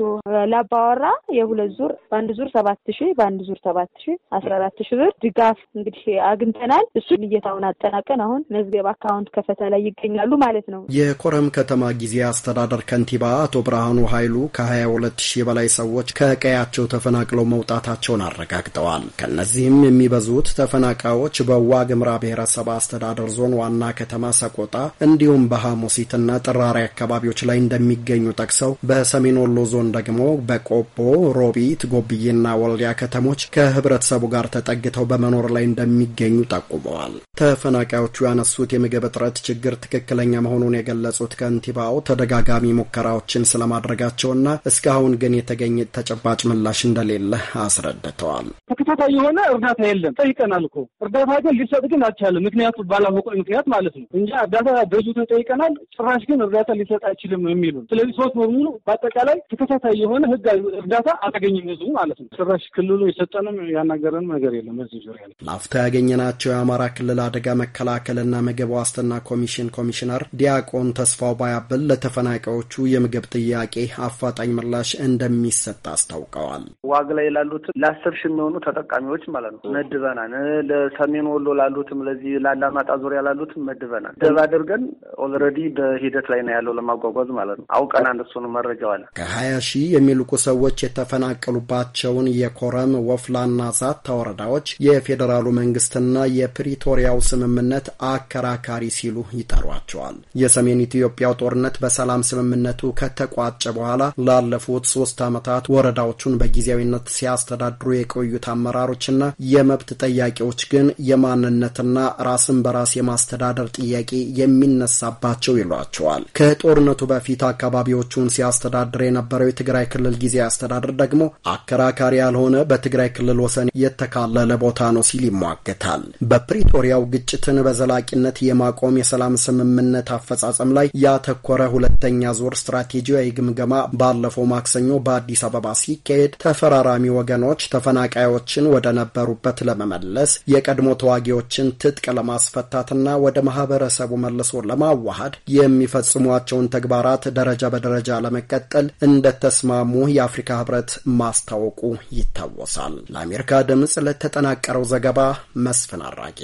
ላባወራ የሁለት ዙር በአንድ ዙር ሰባት ሺ በአንድ ዙር ሰባት ሺ አስራ አራት ሺ ብር ድጋፍ እንግዲህ አግኝተናል። እሱን ልየታውን አጠናቀን አሁን መዝገብ አካውንት ከፈታ ላይ ይገኛሉ ማለት ነው።
የኮረም ከተማ ጊዜ አስተዳደር ከንቲባ አቶ ብርሃኑ ኃይሉ ከሀያ ሁለት ሺህ በላይ ሰዎች ከቀያቸው ተፈናቅለው መውጣታቸውን አረጋግጠዋል። ከእነዚህም የሚበዙት ተፈናቃዮች በዋግምራ ብሔረሰብ አስተዳደር ዞን ዋና ከተማ ሰቆጣ እንዲሁም በሐሙሲትና ጥራሪ አካባቢዎች ላይ እንደሚገኙ ጠቅሰው በሰሜን ወሎ ዞን ደግሞ በቆቦ፣ ሮቢት፣ ጎብዬና ወልዲያ ከተሞች ከህብረተሰቡ ጋር ተጠግተው በመኖር ላይ እንደሚገኙ ጠቁመዋል። ተፈናቃዮቹ ያነሱት የምግብ እጥረት ችግር ትክክለኛ መሆኑን የገለጹት ከንቲባው ተደጋጋሚ ሙከራዎችን ስለማድረጋቸውና እስካሁን ግን የተገኘ ተጨባጭ ምላሽ እንደሌለ አስረድተዋል።
ተከታታይ የሆነ እርዳታ የለም። ጠይቀናል እኮ እርዳታ ግን ሊሰጥ ግን አልቻለም። ምክንያቱ ባላወቀ ምክንያት ማለት ነው እንጂ እርዳታ በዙ ተጠይቀናል። ጭራሽ ግን እርዳታ ሊሰጥ አይችልም የሚሉ ስለዚህ ሶስት በሙሉ በአጠቃላይ ተከታታይ የሆነ
ህጋዊ እርዳታ አላገኝም ህዝቡ ማለት ነው። ጭራሽ ክልሉ የሰጠንም ያናገረንም ነገር የለም በዚህ ዙሪያ ላይ
ላፍታ ያገኘናቸው የአማራ ክልል አደጋ መከላከልና ምግብ ዋስትና ኮሚሽን ኮሚሽነር ዲያቆን ተስፋው ባያብል ለተፈናቃዮቹ የምግብ ጥያቄ አፋጣኝ ምላሽ እንደሚሰጥ አስታውቀዋል።
ዋግ ላይ ላሉት ለአስር ሺህ የሚሆኑ ተጠቃሚዎች ማለት ነው መድበናል። ለሰሜን ወሎ ላሉትም ለዚህ ለአላማጣ ዙሪያ ላሉትም መድበናል። ደብ አድርገን ኦልሬዲ በሂደት ላይ ነው ያለው ለማጓጓዝ ማለት ነው። አውቀናል፣ እሱን መረጃው አለ።
ከሀያ ሺህ የሚልቁ ሰዎች የተፈናቀሉባቸውን የኮረም ወፍላና ዛታ ወረዳዎች የፌዴራሉ መንግስትና የፕሪቶሪያው ስምምነት አከራካሪ ሲሉ ይጠሯቸዋል። የሰሜን ኢትዮጵያው ጦርነት በሰላም ስምምነቱ ከተቋጨ በኋላ ላለፉት ሶስት ዓመታት ወረዳዎቹን በጊዜያዊነት ሲያስተዳድሩ የቆዩት አመራሮችና የመብት ጠያቂዎች ግን የማንነትና ራስን በራስ የማስተዳደር ጥያቄ የሚነ ይነሳባቸው ይሏቸዋል። ከጦርነቱ በፊት አካባቢዎቹን ሲያስተዳድር የነበረው የትግራይ ክልል ጊዜ አስተዳደር ደግሞ አከራካሪ ያልሆነ በትግራይ ክልል ወሰን የተካለለ ቦታ ነው ሲል ይሟገታል። በፕሪቶሪያው ግጭትን በዘላቂነት የማቆም የሰላም ስምምነት አፈጻጸም ላይ ያተኮረ ሁለተኛ ዙር ስትራቴጂያዊ ግምገማ ባለፈው ማክሰኞ በአዲስ አበባ ሲካሄድ ተፈራራሚ ወገኖች ተፈናቃዮችን ወደ ነበሩበት ለመመለስ የቀድሞ ተዋጊዎችን ትጥቅ ለማስፈታትና ወደ ማህበረሰቡ መልሶ ለማዋሃድ የሚፈጽሟቸውን ተግባራት ደረጃ በደረጃ ለመቀጠል እንደተስማሙ የአፍሪካ ህብረት ማስታወቁ ይታወሳል። ለአሜሪካ ድምፅ ለተጠናቀረው ዘገባ መስፍን አራጌ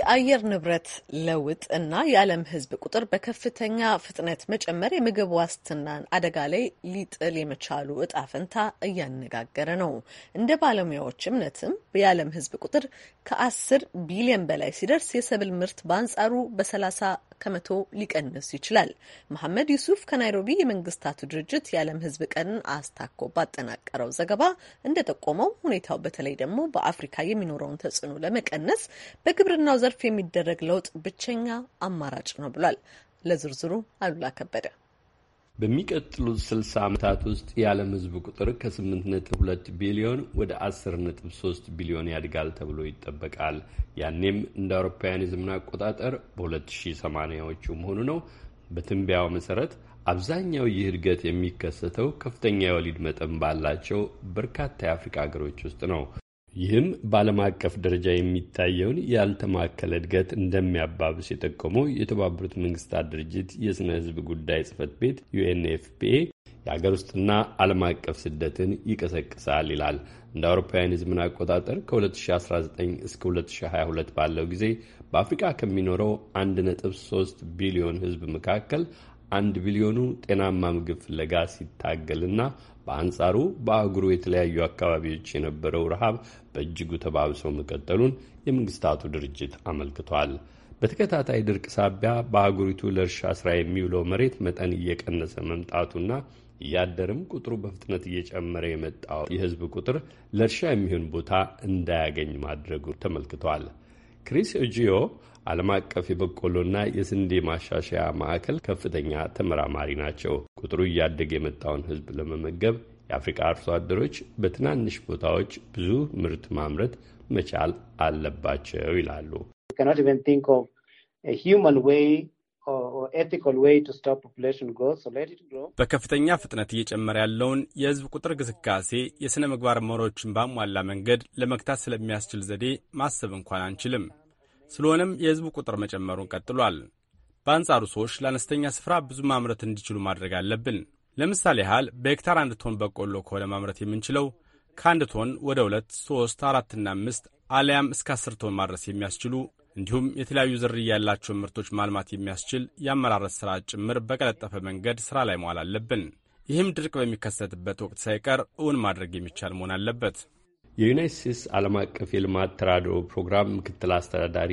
የአየር ንብረት ለውጥ እና የዓለም ሕዝብ ቁጥር በከፍተኛ ፍጥነት መጨመር የምግብ ዋስትናን አደጋ ላይ ሊጥል የመቻሉ እጣ ፈንታ እያነጋገረ ነው። እንደ ባለሙያዎች እምነትም የዓለም ሕዝብ ቁጥር ከአስር ቢሊዮን በላይ ሲደርስ የሰብል ምርት በአንጻሩ በሰላሳ ከመቶ ሊቀንስ ይችላል። መሐመድ ዩሱፍ ከናይሮቢ የመንግስታቱ ድርጅት የዓለም ሕዝብ ቀንን አስታኮ ባጠናቀረው ዘገባ እንደጠቆመው ሁኔታው በተለይ ደግሞ በአፍሪካ የሚኖረውን ተጽዕኖ ለመቀነስ በግብርናው ዘርፍ የሚደረግ ለውጥ ብቸኛ አማራጭ ነው ብሏል። ለዝርዝሩ አሉላ ከበደ
በሚቀጥሉት 60 ዓመታት ውስጥ የዓለም ሕዝብ ቁጥር ከ8.2 ቢሊዮን ወደ 10.3 ቢሊዮን ያድጋል ተብሎ ይጠበቃል። ያኔም እንደ አውሮፓውያን የዘመን አቆጣጠር በ2080ዎቹ መሆኑ ነው። በትንቢያው መሰረት አብዛኛው ይህ እድገት የሚከሰተው ከፍተኛ የወሊድ መጠን ባላቸው በርካታ የአፍሪካ ሀገሮች ውስጥ ነው። ይህም በዓለም አቀፍ ደረጃ የሚታየውን ያልተማከለ እድገት እንደሚያባብስ የጠቆመው የተባበሩት መንግስታት ድርጅት የሥነ ሕዝብ ጉዳይ ጽህፈት ቤት ዩኤንኤፍፒኤ የሀገር ውስጥና ዓለም አቀፍ ስደትን ይቀሰቅሳል ይላል። እንደ አውሮፓውያን የዘመን አቆጣጠር ከ2019 እስከ 2022 ባለው ጊዜ በአፍሪካ ከሚኖረው 1.3 ቢሊዮን ህዝብ መካከል አንድ ቢሊዮኑ ጤናማ ምግብ ፍለጋ ሲታገልና በአንጻሩ በአህጉሩ የተለያዩ አካባቢዎች የነበረው ረሃብ በእጅጉ ተባብሶ መቀጠሉን የመንግስታቱ ድርጅት አመልክቷል። በተከታታይ ድርቅ ሳቢያ በአህጉሪቱ ለእርሻ ስራ የሚውለው መሬት መጠን እየቀነሰ መምጣቱና እያደርም ቁጥሩ በፍጥነት እየጨመረ የመጣው የህዝብ ቁጥር ለእርሻ የሚሆን ቦታ እንዳያገኝ ማድረጉ ተመልክቷል። ክሪስ እጂዮ ዓለም አቀፍ የበቆሎና የስንዴ ማሻሻያ ማዕከል ከፍተኛ ተመራማሪ ናቸው። ቁጥሩ እያደገ የመጣውን ሕዝብ ለመመገብ የአፍሪካ አርሶ አደሮች በትናንሽ ቦታዎች ብዙ ምርት ማምረት መቻል አለባቸው ይላሉ።
በከፍተኛ ፍጥነት እየጨመረ ያለውን የህዝብ ቁጥር ግስጋሴ የሥነ ምግባር መሮችን ባሟላ መንገድ ለመግታት ስለሚያስችል ዘዴ ማሰብ እንኳን አንችልም። ስለሆነም የህዝቡ ቁጥር መጨመሩን ቀጥሏል። በአንጻሩ ሰዎች ለአነስተኛ ስፍራ ብዙ ማምረት እንዲችሉ ማድረግ አለብን። ለምሳሌ ያህል በሄክታር አንድ ቶን በቆሎ ከሆነ ማምረት የምንችለው ከአንድ ቶን ወደ ሁለት ሶስት አራትና አምስት አሊያም እስከ አስር ቶን ማድረስ የሚያስችሉ እንዲሁም የተለያዩ ዝርያ ያላቸውን ምርቶች ማልማት የሚያስችል የአመራረት ሥራ ጭምር በቀለጠፈ መንገድ ሥራ ላይ መዋል አለብን። ይህም ድርቅ በሚከሰትበት ወቅት ሳይቀር እውን ማድረግ የሚቻል መሆን አለበት።
የዩናይት ስቴትስ ዓለም አቀፍ የልማት ተራድኦ ፕሮግራም ምክትል አስተዳዳሪ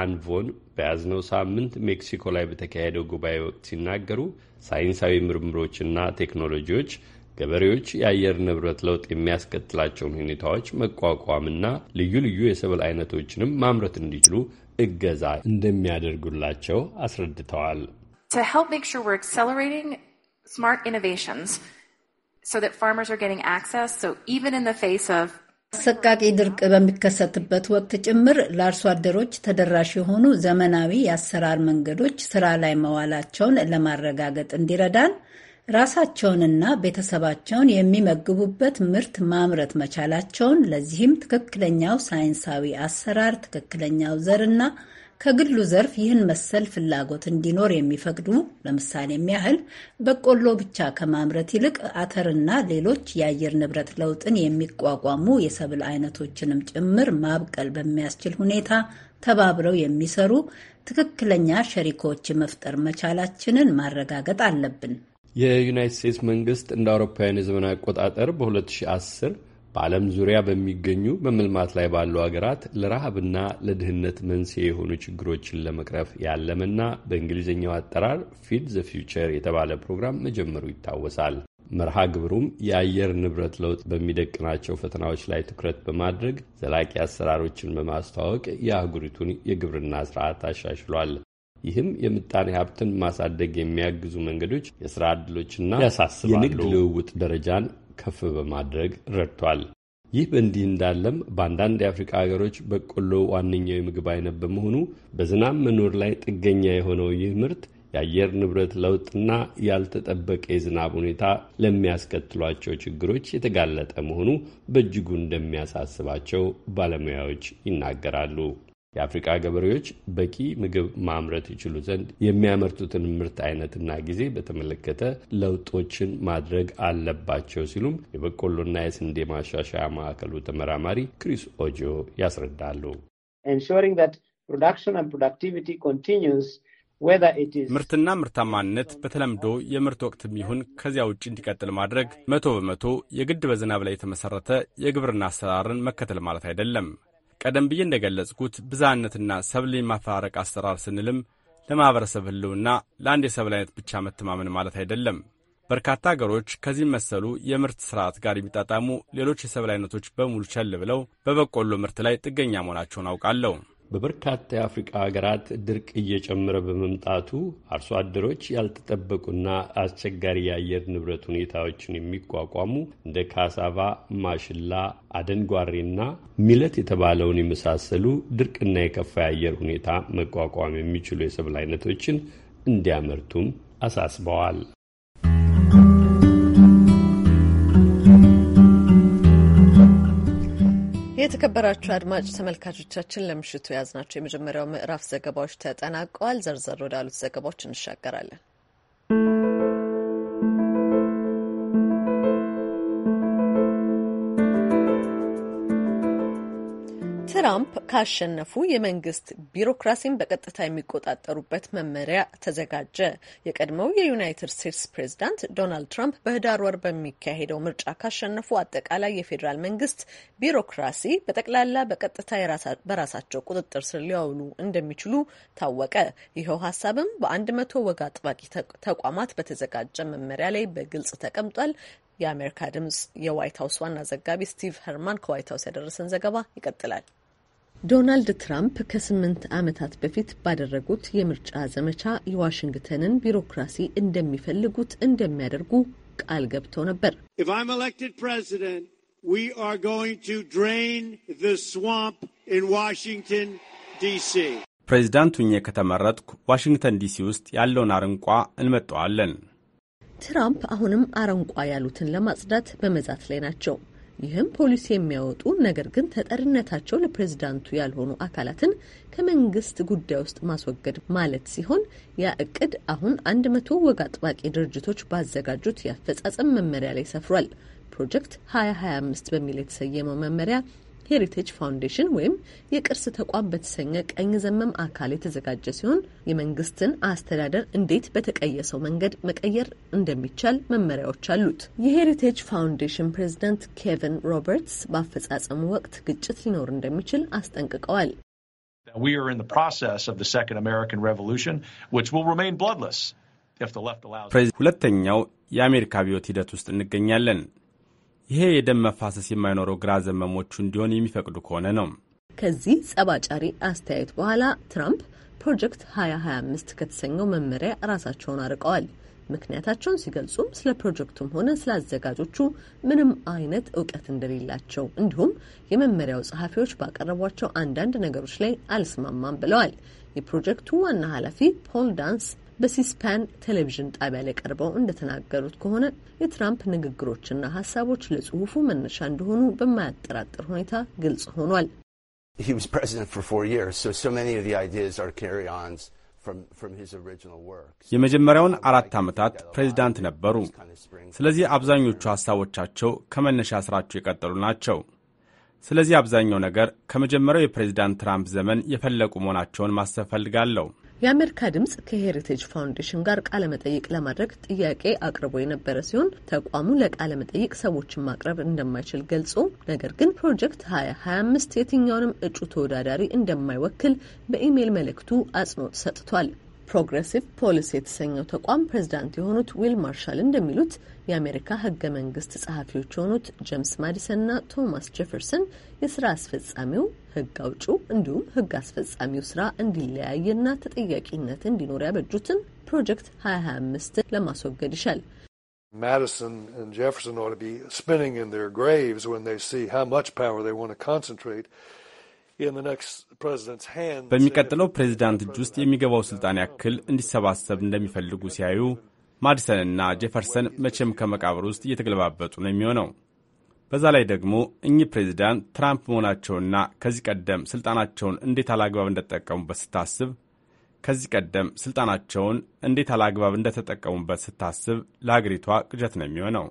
አንቮን በያዝነው ሳምንት ሜክሲኮ ላይ በተካሄደው ጉባኤ ወቅት ሲናገሩ ሳይንሳዊ ምርምሮችና ቴክኖሎጂዎች ገበሬዎች የአየር ንብረት ለውጥ የሚያስከትላቸውን ሁኔታዎች መቋቋምና ልዩ ልዩ የሰብል አይነቶችንም ማምረት እንዲችሉ እገዛ እንደሚያደርጉላቸው አስረድተዋል።
ስማርት ኢኖቬሽንስ ሶ ፋርመርስ አር ጌቲንግ አክሰስ ኢቨን ኢን ፌስ
ኦፍ አሰቃቂ ድርቅ በሚከሰትበት ወቅት ጭምር ለአርሶ አደሮች ተደራሽ የሆኑ ዘመናዊ የአሰራር መንገዶች ስራ ላይ መዋላቸውን ለማረጋገጥ እንዲረዳን ራሳቸውንና ቤተሰባቸውን የሚመግቡበት ምርት ማምረት መቻላቸውን ለዚህም ትክክለኛው ሳይንሳዊ አሰራር፣ ትክክለኛው ዘርና ከግሉ ዘርፍ ይህን መሰል ፍላጎት እንዲኖር የሚፈቅዱ ለምሳሌም ያህል በቆሎ ብቻ ከማምረት ይልቅ አተርና ሌሎች የአየር ንብረት ለውጥን የሚቋቋሙ የሰብል አይነቶችንም ጭምር ማብቀል በሚያስችል ሁኔታ ተባብረው የሚሰሩ ትክክለኛ ሸሪኮች መፍጠር መቻላችንን ማረጋገጥ አለብን።
የዩናይትድ ስቴትስ መንግስት እንደ አውሮፓውያን የዘመን አቆጣጠር በ2010 በዓለም ዙሪያ በሚገኙ በመልማት ላይ ባሉ ሀገራት ለረሃብና ለድህነት መንስኤ የሆኑ ችግሮችን ለመቅረፍ ያለመና በእንግሊዝኛው አጠራር ፊድ ዘ ፊውቸር የተባለ ፕሮግራም መጀመሩ ይታወሳል። መርሃ ግብሩም የአየር ንብረት ለውጥ በሚደቅናቸው ፈተናዎች ላይ ትኩረት በማድረግ ዘላቂ አሰራሮችን በማስተዋወቅ የአህጉሪቱን የግብርና ስርዓት አሻሽሏል። ይህም የምጣኔ ሀብትን ማሳደግ የሚያግዙ መንገዶች፣ የስራ ዕድሎችና የንግድ ልውውጥ ደረጃን ከፍ በማድረግ ረድቷል። ይህ በእንዲህ እንዳለም በአንዳንድ የአፍሪካ ሀገሮች በቆሎ ዋነኛው የምግብ አይነት በመሆኑ በዝናብ መኖር ላይ ጥገኛ የሆነው ይህ ምርት የአየር ንብረት ለውጥና ያልተጠበቀ የዝናብ ሁኔታ ለሚያስከትሏቸው ችግሮች የተጋለጠ መሆኑ በእጅጉ እንደሚያሳስባቸው ባለሙያዎች ይናገራሉ። የአፍሪቃ ገበሬዎች በቂ ምግብ ማምረት ይችሉ ዘንድ የሚያመርቱትን ምርት አይነትና ጊዜ በተመለከተ ለውጦችን ማድረግ አለባቸው ሲሉም የበቆሎና የስንዴ ማሻሻያ ማዕከሉ ተመራማሪ ክሪስ ኦጆ ያስረዳሉ።
ምርትና ምርታማነት በተለምዶ የምርት ወቅት የሚሆን ከዚያ ውጭ እንዲቀጥል ማድረግ መቶ በመቶ የግድ በዝናብ ላይ የተመሠረተ የግብርና አሰራርን መከተል ማለት አይደለም። ቀደም ብዬ እንደገለጽኩት ብዝሃነትና ሰብል የማፈራረቅ አሰራር ስንልም ለማኅበረሰብ ህልውና ለአንድ የሰብል አይነት ብቻ መተማመን ማለት አይደለም። በርካታ አገሮች ከዚህ መሰሉ የምርት ሥርዓት ጋር የሚጣጣሙ ሌሎች የሰብል አይነቶች በሙሉ ቸል ብለው በበቆሎ ምርት ላይ ጥገኛ መሆናቸውን አውቃለሁ። በበርካታ
የአፍሪቃ ሀገራት ድርቅ እየጨመረ በመምጣቱ አርሶ አደሮች ያልተጠበቁና አስቸጋሪ የአየር ንብረት ሁኔታዎችን የሚቋቋሙ እንደ ካሳቫ፣ ማሽላ፣ አደንጓሬና ሚለት የተባለውን የመሳሰሉ ድርቅና የከፋ የአየር ሁኔታ መቋቋም የሚችሉ የሰብል አይነቶችን እንዲያመርቱም አሳስበዋል።
የተከበራችሁ አድማጭ ተመልካቾቻችን ለምሽቱ የያዝናቸው የመጀመሪያው ምዕራፍ ዘገባዎች ተጠናቀዋል። ዘርዘር ወዳሉት ዘገባዎች እንሻገራለን። ትራምፕ ካሸነፉ የመንግስት ቢሮክራሲን በቀጥታ የሚቆጣጠሩበት መመሪያ ተዘጋጀ። የቀድሞው የዩናይትድ ስቴትስ ፕሬዝዳንት ዶናልድ ትራምፕ በህዳር ወር በሚካሄደው ምርጫ ካሸነፉ አጠቃላይ የፌዴራል መንግስት ቢሮክራሲ በጠቅላላ በቀጥታ በራሳቸው ቁጥጥር ስር ሊያውሉ እንደሚችሉ ታወቀ። ይኸው ሀሳብም በአንድ መቶ ወግ አጥባቂ ተቋማት በተዘጋጀ መመሪያ ላይ በግልጽ ተቀምጧል። የአሜሪካ ድምጽ የዋይት ሀውስ ዋና ዘጋቢ ስቲቭ ሄርማን ከዋይት ሀውስ ያደረሰን ዘገባ ይቀጥላል። ዶናልድ ትራምፕ ከስምንት ዓመታት በፊት ባደረጉት የምርጫ ዘመቻ የዋሽንግተንን ቢሮክራሲ እንደሚፈልጉት እንደሚያደርጉ ቃል ገብተው ነበር።
ፕሬዚዳንት ሁኜ ከተመረጥኩ ዋሽንግተን ዲሲ ውስጥ ያለውን አረንቋ እንመጠዋለን።
ትራምፕ አሁንም አረንቋ ያሉትን ለማጽዳት በመዛት ላይ ናቸው። ይህም ፖሊሲ የሚያወጡ ነገር ግን ተጠሪነታቸው ለፕሬዝዳንቱ ያልሆኑ አካላትን ከመንግስት ጉዳይ ውስጥ ማስወገድ ማለት ሲሆን ያ እቅድ አሁን አንድ መቶ ወግ አጥባቂ ድርጅቶች ባዘጋጁት የአፈጻጸም መመሪያ ላይ ሰፍሯል። ፕሮጀክት 2025 በሚል የተሰየመው መመሪያ ሄሪቴጅ ፋውንዴሽን ወይም የቅርስ ተቋም በተሰኘ ቀኝ ዘመም አካል የተዘጋጀ ሲሆን የመንግስትን አስተዳደር እንዴት በተቀየሰው መንገድ መቀየር እንደሚቻል መመሪያዎች አሉት። የሄሪቴጅ ፋውንዴሽን ፕሬዚዳንት ኬቪን ሮበርትስ በአፈጻጸሙ ወቅት ግጭት ሊኖር እንደሚችል አስጠንቅቀዋል። We are in the process
of the Second American Revolution, which will remain bloodless if the left allows
ሁለተኛው
የአሜሪካ አብዮት ሂደት ውስጥ እንገኛለን። ይሄ የደም መፋሰስ የማይኖረው ግራ ዘመሞቹ እንዲሆን የሚፈቅዱ ከሆነ ነው።
ከዚህ ጸባጫሪ አስተያየት በኋላ ትራምፕ ፕሮጀክት 2025 ከተሰኘው መመሪያ ራሳቸውን አርቀዋል። ምክንያታቸውን ሲገልጹም ስለ ፕሮጀክቱም ሆነ ስለ አዘጋጆቹ ምንም አይነት እውቀት እንደሌላቸው እንዲሁም የመመሪያው ጸሐፊዎች ባቀረቧቸው አንዳንድ ነገሮች ላይ አልስማማም ብለዋል። የፕሮጀክቱ ዋና ኃላፊ ፖል ዳንስ በሲስፓን ቴሌቪዥን ጣቢያ ላይ ቀርበው እንደተናገሩት ከሆነ የትራምፕ ንግግሮችና ሀሳቦች ለጽሁፉ መነሻ እንደሆኑ በማያጠራጥር ሁኔታ ግልጽ ሆኗል።
የመጀመሪያውን አራት ዓመታት ፕሬዚዳንት ነበሩ። ስለዚህ አብዛኞቹ ሐሳቦቻቸው ከመነሻ ሥራቸው የቀጠሉ ናቸው። ስለዚህ አብዛኛው ነገር ከመጀመሪያው የፕሬዚዳንት ትራምፕ ዘመን የፈለቁ መሆናቸውን ማሰብ
ፈልጋለሁ። የአሜሪካ ድምጽ ከሄሪቴጅ ፋውንዴሽን ጋር ቃለመጠይቅ ለማድረግ ጥያቄ አቅርቦ የነበረ ሲሆን ተቋሙ ለቃለመጠይቅ ሰዎችን ማቅረብ እንደማይችል ገልጾ ነገር ግን ፕሮጀክት 2025 የትኛውንም እጩ ተወዳዳሪ እንደማይወክል በኢሜይል መልእክቱ አጽንኦት ሰጥቷል። ፕሮግሬሲቭ ፖሊሲ የተሰኘው ተቋም ፕሬዚዳንት የሆኑት ዊል ማርሻል እንደሚሉት የአሜሪካ ህገ መንግስት ጸሐፊዎች የሆኑት ጄምስ ማዲሰን ና ቶማስ ጄፈርሰን የስራ አስፈጻሚው ህግ አውጪው እንዲሁም ህግ አስፈጻሚው ስራ እንዲለያይና ተጠያቂነት እንዲኖር ያበጁትን ፕሮጀክት 2025 ለማስወገድ ይሻል።
ማዲሰን እና ጄፈርሰን ought to be spinning in their graves when they see how much power they want to concentrate
በሚቀጥለው ፕሬዚዳንት እጅ ውስጥ የሚገባው ስልጣን ያክል እንዲሰባሰብ እንደሚፈልጉ ሲያዩ ማዲሰንና ጄፈርሰን መቼም ከመቃብር ውስጥ እየተገለባበጡ ነው የሚሆነው። በዛ ላይ ደግሞ እኚህ ፕሬዚዳንት ትራምፕ መሆናቸውና ከዚህ ቀደም ስልጣናቸውን እንዴት አላግባብ እንደተጠቀሙበት ስታስብ ከዚህ ቀደም ስልጣናቸውን እንዴት አላግባብ እንደተጠቀሙበት ስታስብ ለሀገሪቷ ቅዠት ነው የሚሆነው።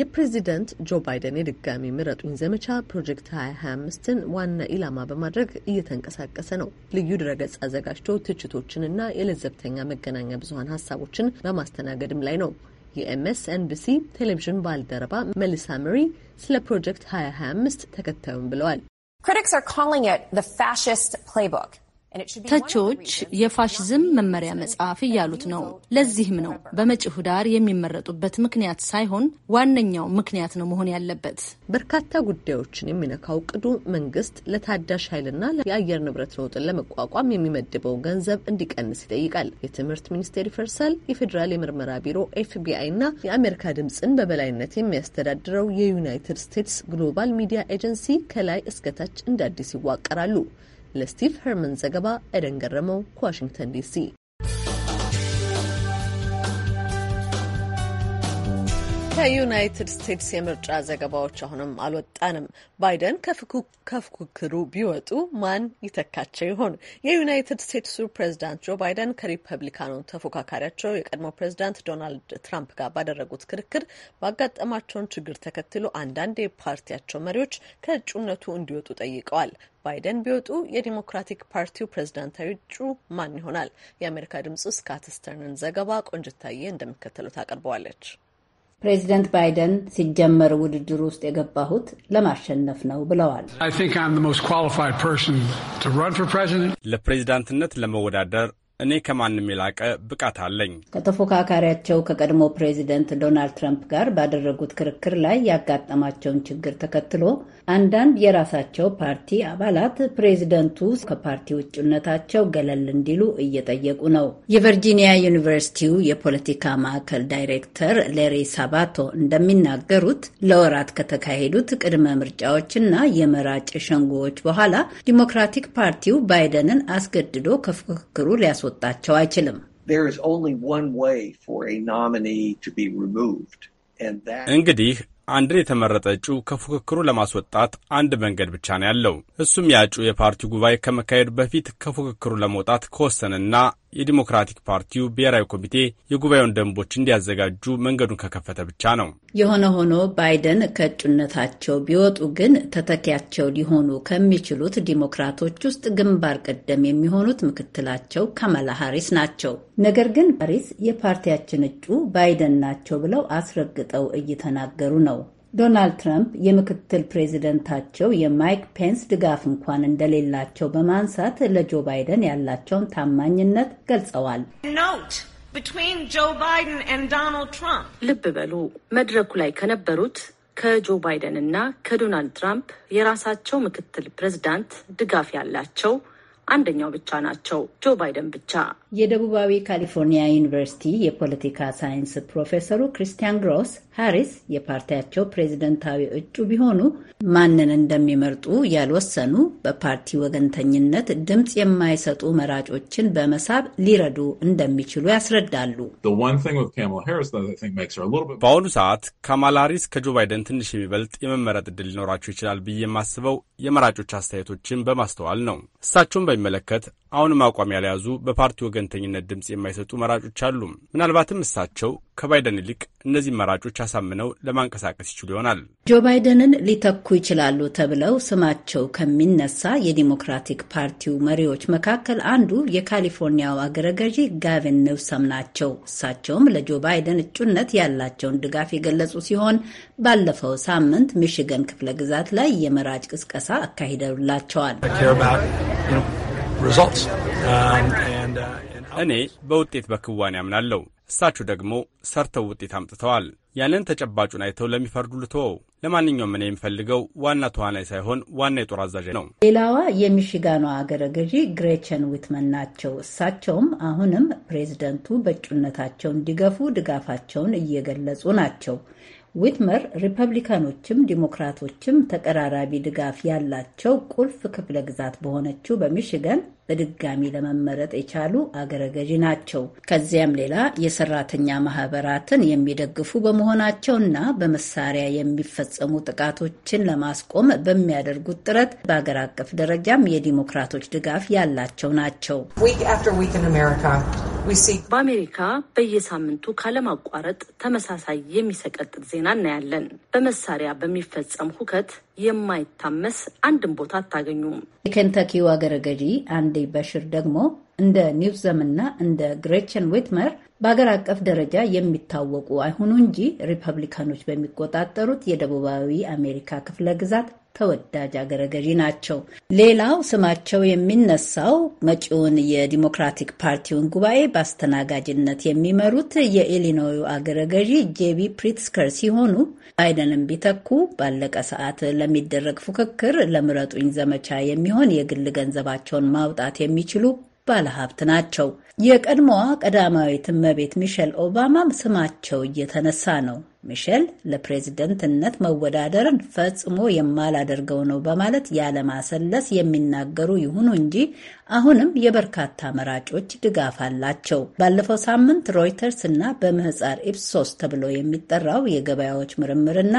የፕሬዚደንት ጆ ባይደን የድጋሚ ምረጡኝ ዘመቻ ፕሮጀክት 2025ን ዋና ኢላማ በማድረግ እየተንቀሳቀሰ ነው። ልዩ ድረገጽ አዘጋጅቶ ትችቶችንና የለዘብተኛ መገናኛ ብዙሀን ሀሳቦችን በማስተናገድም ላይ ነው። የኤምኤስኤንቢሲ ቴሌቪዥን ባልደረባ ሜሊሳ መሪ ስለ ፕሮጀክት 2025 ተከታዩም ብለዋል። Critics are calling it the fascist playbook. ተቺዎች የፋሽዝም መመሪያ መጽሐፍ እያሉት ነው። ለዚህም ነው በመጪው ህዳር የሚመረጡበት ምክንያት ሳይሆን ዋነኛው ምክንያት ነው መሆን ያለበት። በርካታ ጉዳዮችን የሚነካው ቅዱ መንግስት ለታዳሽ ኃይልና የአየር ንብረት ለውጥን ለመቋቋም የሚመድበው ገንዘብ እንዲቀንስ ይጠይቃል። የትምህርት ሚኒስቴር ይፈርሳል። የፌዴራል የምርመራ ቢሮ ኤፍቢአይ እና የአሜሪካ ድምፅን በበላይነት የሚያስተዳድረው የዩናይትድ ስቴትስ ግሎባል ሚዲያ ኤጀንሲ ከላይ እስከታች እንደ አዲስ ይዋቀራሉ። ለስቲቭ ሄርመን ዘገባ ኤደን ገረመው ከዋሽንግተን ዲሲ ከዩናይትድ ስቴትስ የምርጫ ዘገባዎች አሁንም አልወጣንም። ባይደን ከፉክክሩ ቢወጡ ማን ይተካቸው ይሆን? የዩናይትድ ስቴትሱ ፕሬዚዳንት ጆ ባይደን ከሪፐብሊካኑ ተፎካካሪያቸው የቀድሞ ፕሬዚዳንት ዶናልድ ትራምፕ ጋር ባደረጉት ክርክር ባጋጠማቸውን ችግር ተከትሎ አንዳንድ የፓርቲያቸው መሪዎች ከእጩነቱ እንዲወጡ ጠይቀዋል። ባይደን ቢወጡ የዲሞክራቲክ ፓርቲው ፕሬዚዳንታዊ እጩ ማን ይሆናል? የአሜሪካ ድምጽ ስካት ስተርንን ዘገባ ቆንጅታዬ እንደሚከተሉት አቀርበዋለች
ፕሬዚደንት ባይደን ሲጀመር ውድድር ውስጥ የገባሁት ለማሸነፍ ነው ብለዋል።
ለፕሬዚዳንትነት ለመወዳደር እኔ ከማንም የላቀ ብቃት አለኝ።
ከተፎካካሪያቸው ከቀድሞ ፕሬዚደንት ዶናልድ ትራምፕ ጋር ባደረጉት ክርክር ላይ ያጋጠማቸውን ችግር ተከትሎ አንዳንድ የራሳቸው ፓርቲ አባላት ፕሬዚደንቱ ከፓርቲ ውጭነታቸው ገለል እንዲሉ እየጠየቁ ነው። የቨርጂኒያ ዩኒቨርሲቲው የፖለቲካ ማዕከል ዳይሬክተር ሌሪ ሳባቶ እንደሚናገሩት ለወራት ከተካሄዱት ቅድመ ምርጫዎችና የመራጭ ሸንጎዎች በኋላ ዲሞክራቲክ ፓርቲው ባይደንን አስገድዶ ከፍክክሩ ሊያስ ሊያስወጣቸው አይችልም።
እንግዲህ አንድን የተመረጠ እጩ ከፉክክሩ ለማስወጣት አንድ መንገድ ብቻ ነው ያለው። እሱም ያ እጩ የፓርቲው ጉባኤ ከመካሄዱ በፊት ከፉክክሩ ለመውጣት ከወሰንና የዲሞክራቲክ ፓርቲው ብሔራዊ ኮሚቴ የጉባኤውን ደንቦች እንዲያዘጋጁ መንገዱን ከከፈተ ብቻ ነው።
የሆነ ሆኖ ባይደን ከእጩነታቸው ቢወጡ ግን ተተኪያቸው ሊሆኑ ከሚችሉት ዲሞክራቶች ውስጥ ግንባር ቀደም የሚሆኑት ምክትላቸው ካማላ ሀሪስ ናቸው። ነገር ግን ሀሪስ የፓርቲያችን እጩ ባይደን ናቸው ብለው አስረግጠው እየተናገሩ ነው። ዶናልድ ትራምፕ የምክትል ፕሬዚደንታቸው የማይክ ፔንስ ድጋፍ እንኳን እንደሌላቸው በማንሳት ለጆ ባይደን ያላቸውን ታማኝነት ገልጸዋል። ልብ በሉ መድረኩ ላይ ከነበሩት ከጆ ባይደን እና ከዶናልድ ትራምፕ
የራሳቸው ምክትል ፕሬዚዳንት ድጋፍ ያላቸው አንደኛው ብቻ ናቸው፣ ጆ ባይደን
ብቻ። የደቡባዊ ካሊፎርኒያ ዩኒቨርሲቲ የፖለቲካ ሳይንስ ፕሮፌሰሩ ክሪስቲያን ግሮስ ሃሪስ የፓርቲያቸው ፕሬዝደንታዊ እጩ ቢሆኑ ማንን እንደሚመርጡ ያልወሰኑ በፓርቲ ወገንተኝነት ድምፅ የማይሰጡ መራጮችን በመሳብ ሊረዱ እንደሚችሉ ያስረዳሉ።
በአሁኑ ሰዓት ካማላ ሃሪስ ከጆ ባይደን ትንሽ የሚበልጥ የመመረጥ እድል ሊኖራቸው ይችላል ብዬ የማስበው የመራጮች አስተያየቶችን በማስተዋል ነው። እሳቸውም ሳይመለከት አሁንም አቋም ያልያዙ በፓርቲ ወገንተኝነት ድምፅ የማይሰጡ መራጮች አሉ። ምናልባትም እሳቸው ከባይደን ይልቅ እነዚህ መራጮች አሳምነው ለማንቀሳቀስ ይችሉ ይሆናል።
ጆ ባይደንን ሊተኩ ይችላሉ ተብለው ስማቸው ከሚነሳ የዲሞክራቲክ ፓርቲው መሪዎች መካከል አንዱ የካሊፎርኒያው አገረ ገዢ ጋቪን ኒውሰም ናቸው። እሳቸውም ለጆ ባይደን እጩነት ያላቸውን ድጋፍ የገለጹ ሲሆን ባለፈው ሳምንት ሚሽገን ክፍለ ግዛት ላይ የመራጭ ቅስቀሳ አካሂደውላቸዋል። um, uh,
እኔ በውጤት በክዋኔ አምናለሁ። እሳችሁ ደግሞ ሰርተው ውጤት አምጥተዋል። ያንን ተጨባጩን አይተው ለሚፈርዱ ልትወው። ለማንኛውም እኔ የሚፈልገው ዋና ተዋናይ ሳይሆን ዋና የጦር አዛዥ ነው።
ሌላዋ የሚሽጋኗ አገረ ገዢ ግሬቸን ዊትመን ናቸው። እሳቸውም አሁንም ፕሬዝደንቱ በእጩነታቸው እንዲገፉ ድጋፋቸውን እየገለጹ ናቸው። ዊትመር ሪፐብሊካኖችም ዲሞክራቶችም ተቀራራቢ ድጋፍ ያላቸው ቁልፍ ክፍለ ግዛት በሆነችው በሚሽገን በድጋሚ ለመመረጥ የቻሉ አገረ ገዢ ናቸው። ከዚያም ሌላ የሰራተኛ ማህበራትን የሚደግፉ በመሆናቸውና በመሳሪያ የሚፈጸሙ ጥቃቶችን ለማስቆም በሚያደርጉት ጥረት በአገር አቀፍ ደረጃም የዲሞክራቶች ድጋፍ ያላቸው ናቸው።
በአሜሪካ በየሳምንቱ ካለማቋረጥ ተመሳሳይ የሚሰቀጥጥ ዜና እናያለን። በመሳሪያ በሚፈጸም ሁከት የማይታመስ አንድም ቦታ አታገኙም።
የኬንታኪው አገረ ገዢ አንድ ሀምዴ በሽር ደግሞ እንደ ኒውዘም ኒውዘምና እንደ ግሬቸን ዊትመር በአገር አቀፍ ደረጃ የሚታወቁ አይሁኑ እንጂ ሪፐብሊካኖች በሚቆጣጠሩት የደቡባዊ አሜሪካ ክፍለ ግዛት ተወዳጅ አገረ ገዢ ናቸው። ሌላው ስማቸው የሚነሳው መጪውን የዲሞክራቲክ ፓርቲውን ጉባኤ በአስተናጋጅነት የሚመሩት የኢሊኖዩ አገረ ገዢ ጄቢ ፕሪትስከር ሲሆኑ ባይደንም ቢተኩ ባለቀ ሰዓት ለሚደረግ ፉክክር ለምረጡኝ ዘመቻ የሚሆን የግል ገንዘባቸውን ማውጣት የሚችሉ ባለሀብት ናቸው። የቀድሞዋ ቀዳማዊት እመቤት ሚሼል ኦባማም ስማቸው እየተነሳ ነው። ሚሼል ለፕሬዝደንትነት መወዳደርን ፈጽሞ የማላደርገው ነው በማለት ያለማሰለስ የሚናገሩ ይሁኑ እንጂ አሁንም የበርካታ መራጮች ድጋፍ አላቸው። ባለፈው ሳምንት ሮይተርስ እና በምህጻር ኢፕሶስ ተብሎ የሚጠራው የገበያዎች ምርምርና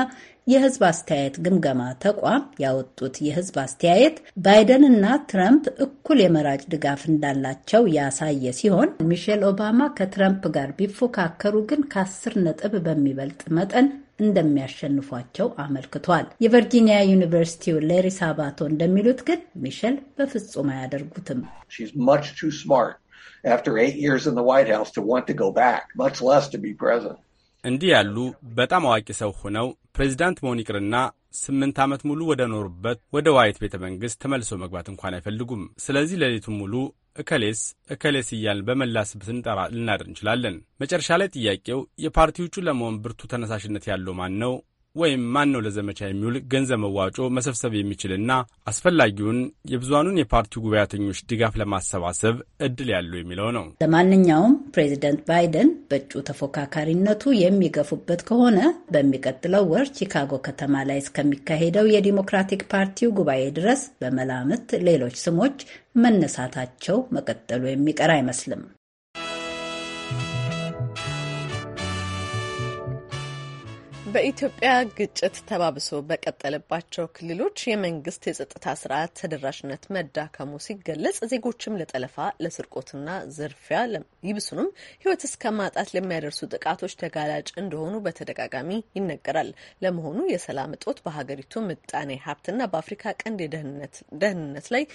የህዝብ አስተያየት ግምገማ ተቋም ያወጡት የህዝብ አስተያየት ባይደን እና ትረምፕ እኩል የመራጭ ድጋፍ እንዳላቸው ያሳየ ሲሆን ሚሼል ኦባማ ከትረምፕ ጋር ቢፎካከሩ ግን ከአስር ነጥብ በሚበልጥ መጠን እንደሚያሸንፏቸው አመልክቷል። የቨርጂኒያ ዩኒቨርሲቲው ሌሪ ሳባቶ እንደሚሉት ግን ሚሸል በፍጹም አያደርጉትም።
After eight years in the White House, to want to go back, much less to be president.
እንዲህ ያሉ በጣም አዋቂ ሰው ሆነው ፕሬዚዳንት መሆን ስምንት ዓመት ሙሉ ወደ ኖሩበት ወደ ዋይት ቤተ መንግሥት ተመልሶ መግባት እንኳን አይፈልጉም። ስለዚህ ሌሊቱን ሙሉ እከሌስ እከሌስ እያልን በመላ ስብት ልናድር እንችላለን። መጨረሻ ላይ ጥያቄው የፓርቲ እጩ ለመሆን ብርቱ ተነሳሽነት ያለው ማን ነው? ወይም ማን ነው ለዘመቻ የሚውል ገንዘብ መዋጮ መሰብሰብ የሚችልና አስፈላጊውን የብዙሃኑን የፓርቲው ጉባኤተኞች ድጋፍ ለማሰባሰብ እድል ያለው የሚለው ነው።
ለማንኛውም ፕሬዚደንት ባይደን በእጩ ተፎካካሪነቱ የሚገፉበት ከሆነ በሚቀጥለው ወር ቺካጎ ከተማ ላይ እስከሚካሄደው የዲሞክራቲክ ፓርቲው ጉባኤ ድረስ በመላምት ሌሎች ስሞች መነሳታቸው መቀጠሉ የሚቀር አይመስልም።
በኢትዮጵያ ግጭት ተባብሶ በቀጠለባቸው ክልሎች የመንግስት የጸጥታ ስርዓት ተደራሽነት መዳከሙ ሲገለጽ ዜጎችም ለጠለፋ፣ ለስርቆትና ዝርፊያ ይብሱንም ሕይወት እስከ ማጣት ለሚያደርሱ ጥቃቶች ተጋላጭ እንደሆኑ በተደጋጋሚ ይነገራል። ለመሆኑ የሰላም እጦት በሀገሪቱ ምጣኔ ሀብትና በአፍሪካ ቀንድ የደህንነት ላይ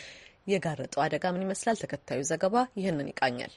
የጋረጠው አደጋ ምን ይመስላል? ተከታዩ ዘገባ ይህንን ይቃኛል።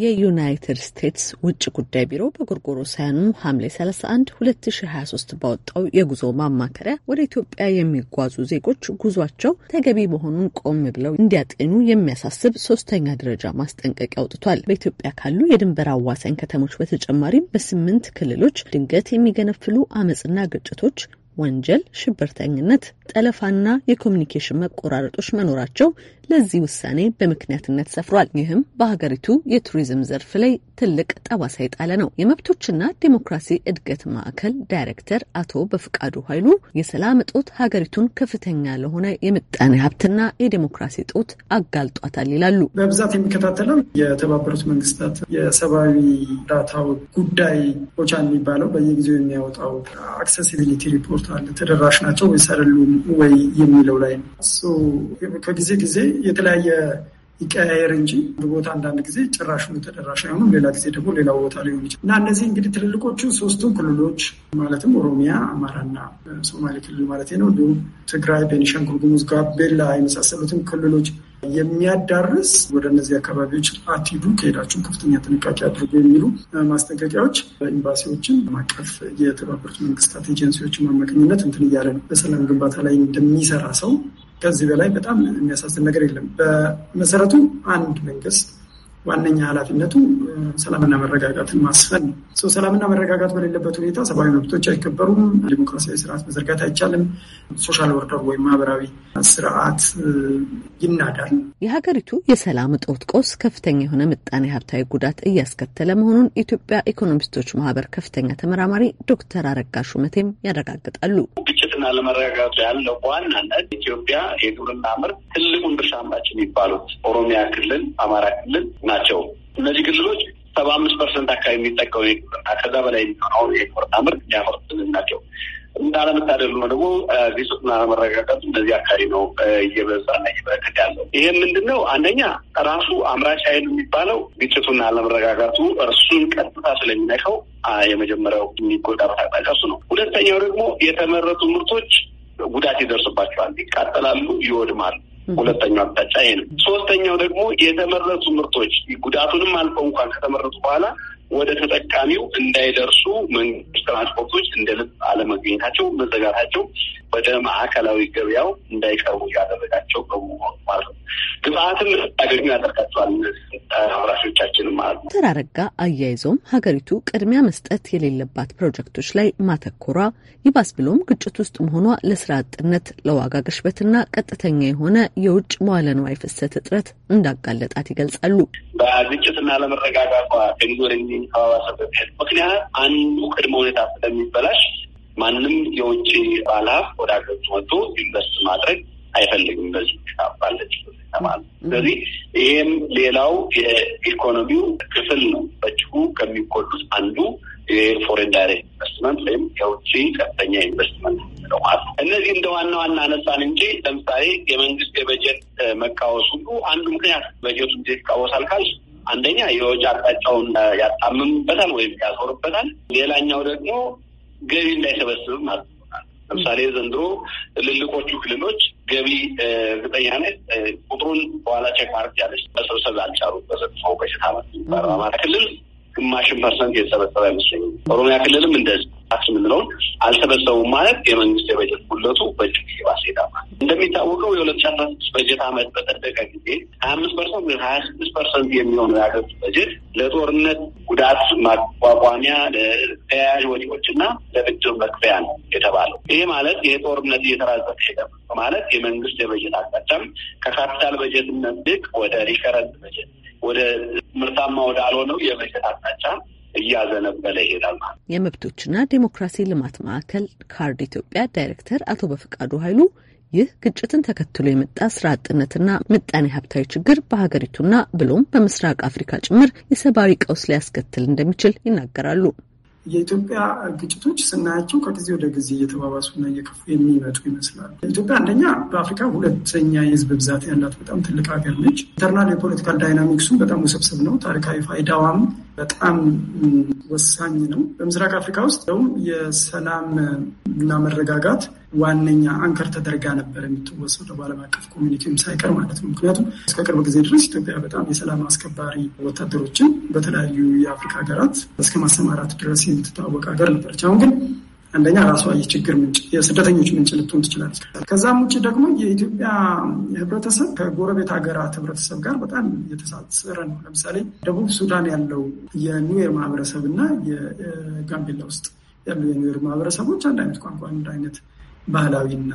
የዩናይትድ ስቴትስ ውጭ ጉዳይ ቢሮ በጎርጎሮ ሳያኑ ሐምሌ 31 2023 ባወጣው የጉዞ ማማከሪያ ወደ ኢትዮጵያ የሚጓዙ ዜጎች ጉዟቸው ተገቢ መሆኑን ቆም ብለው እንዲያጤኑ የሚያሳስብ ሶስተኛ ደረጃ ማስጠንቀቂያ አውጥቷል። በኢትዮጵያ ካሉ የድንበር አዋሳኝ ከተሞች በተጨማሪም በስምንት ክልሎች ድንገት የሚገነፍሉ አመፅና ግጭቶች ወንጀል፣ ሽብርተኝነት፣ ጠለፋና የኮሚኒኬሽን መቆራረጦች መኖራቸው ለዚህ ውሳኔ በምክንያትነት ሰፍሯል። ይህም በሀገሪቱ የቱሪዝም ዘርፍ ላይ ትልቅ ጠባሳ የጣለ ነው። የመብቶችና ዴሞክራሲ እድገት ማዕከል ዳይሬክተር አቶ በፍቃዱ ኃይሉ የሰላም እጦት ሀገሪቱን ከፍተኛ ለሆነ የምጣኔ ሀብትና የዴሞክራሲ እጦት አጋልጧታል ይላሉ። በብዛት የሚከታተለው
የተባበሩት መንግስታት የሰብአዊ እርዳታው ጉዳይ ኦቻ የሚባለው በየጊዜው የሚያወጣው አክሴሲቢሊቲ ሪፖርት አለ። ተደራሽ ናቸው ወይስ አይደሉም ወይ የሚለው ላይ ነው። ከጊዜ ጊዜ የተለያየ ይቀያየር እንጂ ቦታ አንዳንድ ጊዜ ጭራሽ ተደራሽ አይሆኑም፣ ሌላ ጊዜ ደግሞ ሌላ ቦታ ሊሆን ይችላል እና እነዚህ እንግዲህ ትልልቆቹ ሶስቱም ክልሎች ማለትም ኦሮሚያ፣ አማራና ሶማሌ ክልል ማለት ነው እንዲሁም ትግራይ፣ ቤኒሻንጉል ጉሙዝ፣ ጋምቤላ ክልሎች የሚያዳርስ ወደ እነዚህ አካባቢዎች አትሂዱ፣ ከሄዳችሁ ከፍተኛ ጥንቃቄ አድርጎ የሚሉ ማስጠንቀቂያዎች ኤምባሲዎችን ማቀፍ የተባበሩት መንግስታት ኤጀንሲዎችን አማካኝነት እንትን እያለ ነው በሰላም ግንባታ ላይ እንደሚሰራ ሰው ከዚህ በላይ በጣም የሚያሳዝን ነገር የለም። በመሰረቱ አንድ መንግስት ዋነኛ ኃላፊነቱ ሰላምና መረጋጋትን ማስፈን ነው። ሰላምና መረጋጋት በሌለበት ሁኔታ ሰብአዊ መብቶች አይከበሩም፣ ዲሞክራሲያዊ ስርዓት መዘርጋት አይቻልም፣ ሶሻል ወርደር ወይም ማህበራዊ ስርዓት ይናዳል።
የሀገሪቱ የሰላም እጦት ቀውስ ከፍተኛ የሆነ ምጣኔ ሀብታዊ ጉዳት እያስከተለ መሆኑን ኢትዮጵያ ኢኮኖሚስቶች ማህበር ከፍተኛ ተመራማሪ ዶክተር አረጋ ሹመቴም ያረጋግጣሉ።
ግጭትና ለመረጋጋት ያለው በዋናነት ኢትዮጵያ የግብርና ምርት ትልቁን ድርሻ አላቸው የሚባሉት ኦሮሚያ ክልል፣ አማራ ክልል ናቸው። እነዚህ ክልሎች ሰባ አምስት ፐርሰንት አካባቢ የሚጠቀሙ የግብርና ከዛ በላይ የሚሆነውን የግብርና ምርት የሚያመርቱልን ናቸው። እንዳለመታደል ነው ደግሞ ግጭትና አለመረጋጋቱ እንደዚህ አካባቢ ነው እየበዛና እየበረከት ያለው። ይሄ ምንድን ነው? አንደኛ ራሱ አምራች ኃይል የሚባለው ግጭቱና አለመረጋጋቱ እርሱን ቀጥታ ስለሚነካው የመጀመሪያው የሚጎዳ ታጣቂ እሱ ነው። ሁለተኛው ደግሞ የተመረቱ ምርቶች ጉዳት ይደርስባቸዋል፣ ይቃጠላሉ፣ ይወድማሉ። ሁለተኛው አቅጣጫ ይሄ ነው። ሶስተኛው ደግሞ የተመረቱ ምርቶች ጉዳቱንም አልፈው እንኳን ከተመረቱ በኋላ ወደ ተጠቃሚው እንዳይደርሱ መንግስት ትራንስፖርቶች እንደ ልብ አለመገኘታቸው፣ መዘጋታቸው ወደ ማዕከላዊ ገበያው እንዳይቀርቡ እያደረጋቸው በመሆኑ ማለት ነው። ግብአትም አገኙ ያደርጋቸዋል እነዚህ አምራቾቻችንም ማለት ነው።
ተራረጋ አያይዞም ሀገሪቱ ቅድሚያ መስጠት የሌለባት ፕሮጀክቶች ላይ ማተኮሯ ይባስ ብሎም ግጭት ውስጥ መሆኗ ለስራ አጥነት፣ ለዋጋ ግሽበትና ቀጥተኛ የሆነ የውጭ መዋለ ንዋይ ፍሰት እጥረት እንዳጋለጣት ይገልጻሉ።
በግጭትና ለመረጋጋቷ ገንዞር የሚባባሰበት ምክንያት አንዱ ቅድመ ሁኔታ ስለሚበላሽ ማንም የውጭ ባለሀብት ወደ ሀገሪቱ መጥቶ ኢንቨስት ማድረግ አይፈልግም። በዚህ ባለች ማለት ስለዚህ ይህም ሌላው የኢኮኖሚው ክፍል ነው። በእጅጉ ከሚጎዱት አንዱ የፎሬን ዳይሬክት ኢንቨስትመንት ወይም የውጭ ቀጥተኛ ኢንቨስትመንት ነው። እነዚህ እንደ ዋና ዋና አነሳን እንጂ ለምሳሌ የመንግስት የበጀት መቃወስ ሁሉ አንዱ ምክንያት በጀቱ እንዴት ይቃወሳል ካልሽ አንደኛ የወጪ አቅጣጫውን ያጣምምበታል ወይም ያዞርበታል። ሌላኛው ደግሞ ገቢ እንዳይሰበስብም ማለት ነው። ለምሳሌ ዘንድሮ ትልልቆቹ ክልሎች ገቢ እርግጠኛ ነኝ ቁጥሩን በኋላ ቼክ ማድረግ ያለች መሰብሰብ አልቻሉ በዘጥፈው በሽታ ማለት አማራ ክልል ግማሽን ፐርሰንት የተሰበሰበ አይመስለኝም። ኦሮሚያ ክልልም እንደዚህ ታክስ የምንለውን አልሰበሰቡም ማለት የመንግስት የበጀት ጉድለቱ በእጅጉ የባሰ ማለት እንደሚታወቀው የሁለት ሺህ አስራ ስድስት በጀት አመት በጠደቀ ጊዜ ሀያ አምስት ፐርሰንት ወይም ሀያ ስድስት ፐርሰንት የሚሆነው የሀገሪቱ በጀት ለጦርነት ጉዳት ማቋቋሚያ፣ ለተያያዥ ወጪዎች እና ለብድር መክፈያ ነው የተባለው። ይሄ ማለት ይሄ ጦርነት እየተራዘመ ሄደ ማለት የመንግስት የበጀት አቅጣጫም ከካፒታል በጀትነት ልቅ ወደ ሪከረንት በጀት ወደ ምርታማ ወደ አልሆነው የበጀት አቅጣጫ እያዘነበለ ይሄዳል ማለት
ነው። የመብቶችና
ዴሞክራሲ ልማት ማዕከል ካርድ ኢትዮጵያ ዳይሬክተር አቶ በፍቃዱ ኃይሉ ይህ ግጭትን ተከትሎ የመጣ ስራ አጥነትና ምጣኔ ሀብታዊ ችግር በሀገሪቱና ብሎም በምስራቅ አፍሪካ ጭምር የሰብአዊ ቀውስ ሊያስከትል እንደሚችል ይናገራሉ።
የኢትዮጵያ ግጭቶች ስናያቸው ከጊዜ ወደ ጊዜ እየተባባሱና እየከፉ የሚመጡ ይመስላሉ። ኢትዮጵያ አንደኛ በአፍሪካ ሁለተኛ የህዝብ ብዛት ያላት በጣም ትልቅ ሀገር ነች። ኢንተርናል የፖለቲካል ዳይናሚክሱም በጣም ውስብስብ ነው። ታሪካዊ ፋይዳዋም በጣም ወሳኝ ነው። በምስራቅ አፍሪካ ውስጥ ደውም የሰላም እና መረጋጋት ዋነኛ አንከር ተደርጋ ነበር የምትወሰደው በዓለም አቀፍ ኮሚኒቲም ሳይቀር ማለት ነው። ምክንያቱም እስከ ቅርብ ጊዜ ድረስ ኢትዮጵያ በጣም የሰላም አስከባሪ ወታደሮችን በተለያዩ የአፍሪካ ሀገራት እስከ ማሰማራት ድረስ የምትታወቅ ሀገር ነበረች። አሁን ግን አንደኛ ራሷ የችግር ምንጭ የስደተኞች ምንጭ ልትሆን ትችላለች። ከዛም ውጭ ደግሞ የኢትዮጵያ ህብረተሰብ ከጎረቤት ሀገራት ህብረተሰብ ጋር በጣም የተሳሰረ ነው። ለምሳሌ ደቡብ ሱዳን ያለው የኑዌር ማህበረሰብ እና የጋምቤላ ውስጥ ያሉ የኑዌር ማህበረሰቦች አንድ አይነት ቋንቋ፣ አንድ አይነት ባህላዊና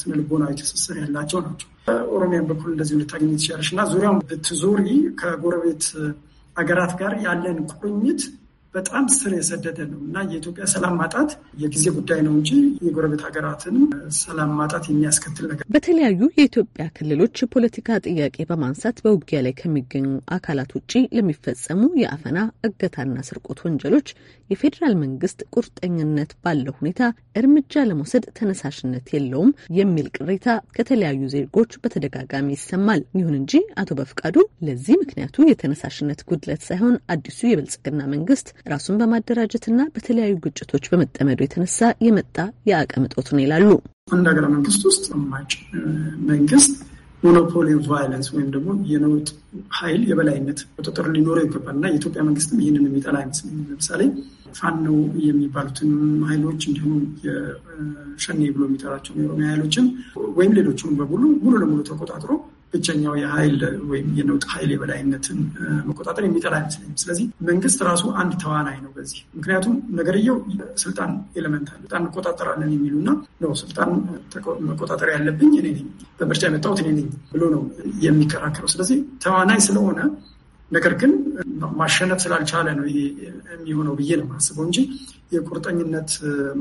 ስነልቦናዊ ትስስር ያላቸው ናቸው። ኦሮሚያን በኩል እንደዚሁ ልታገኝ ትችላለች እና ዙሪያውን ብትዞሪ ከጎረቤት ሀገራት ጋር ያለን ቁርኝት በጣም ስር የሰደደ ነው እና የኢትዮጵያ ሰላም ማጣት የጊዜ ጉዳይ ነው እንጂ የጎረቤት ሀገራትን ሰላም ማጣት የሚያስከትል ነገር።
በተለያዩ የኢትዮጵያ ክልሎች የፖለቲካ ጥያቄ በማንሳት በውጊያ ላይ ከሚገኙ አካላት ውጭ ለሚፈጸሙ የአፈና እገታና ስርቆት ወንጀሎች የፌዴራል መንግስት ቁርጠኝነት ባለው ሁኔታ እርምጃ ለመውሰድ ተነሳሽነት የለውም የሚል ቅሬታ ከተለያዩ ዜጎች በተደጋጋሚ ይሰማል። ይሁን እንጂ አቶ በፍቃዱ ለዚህ ምክንያቱ የተነሳሽነት ጉድለት ሳይሆን አዲሱ የብልጽግና መንግስት ራሱን በማደራጀትና በተለያዩ ግጭቶች በመጠመዱ የተነሳ የመጣ የአቅም እጦት ነው ይላሉ። አንድ ሀገረ መንግስት
ውስጥ አማጭ መንግስት ሞኖፖሊ ቫይለንስ ወይም ደግሞ የነውጥ ኃይል የበላይነት ቁጥጥር ሊኖረው ይገባል እና የኢትዮጵያ መንግስትም ይህንን የሚጠላ አይመስለኝም። ለምሳሌ ፋኖ የሚባሉትን ኃይሎች እንዲሁም የሸኔ ብሎ የሚጠራቸው የኦሮሚያ ኃይሎችን ወይም ሌሎችን በሙሉ ሙሉ ለሙሉ ተቆጣጥሮ ብቸኛው የኃይል ወይም የነውጥ ኃይል የበላይነትን መቆጣጠር የሚጠላ አይመስለኝም። ስለዚህ መንግስት ራሱ አንድ ተዋናይ ነው በዚህ ምክንያቱም ነገርየው ስልጣን ኤለመንት አለ። ስልጣን እንቆጣጠራለን የሚሉና ነው ስልጣን መቆጣጠር ያለብኝ እኔ ነኝ፣ በምርጫ የመጣሁት እኔ ነኝ ብሎ ነው የሚከራከረው። ስለዚህ ተዋናይ ስለሆነ ነገር ግን ማሸነፍ ስላልቻለ ነው ይሄ የሚሆነው ብዬ ነው ማስበው እንጂ የቁርጠኝነት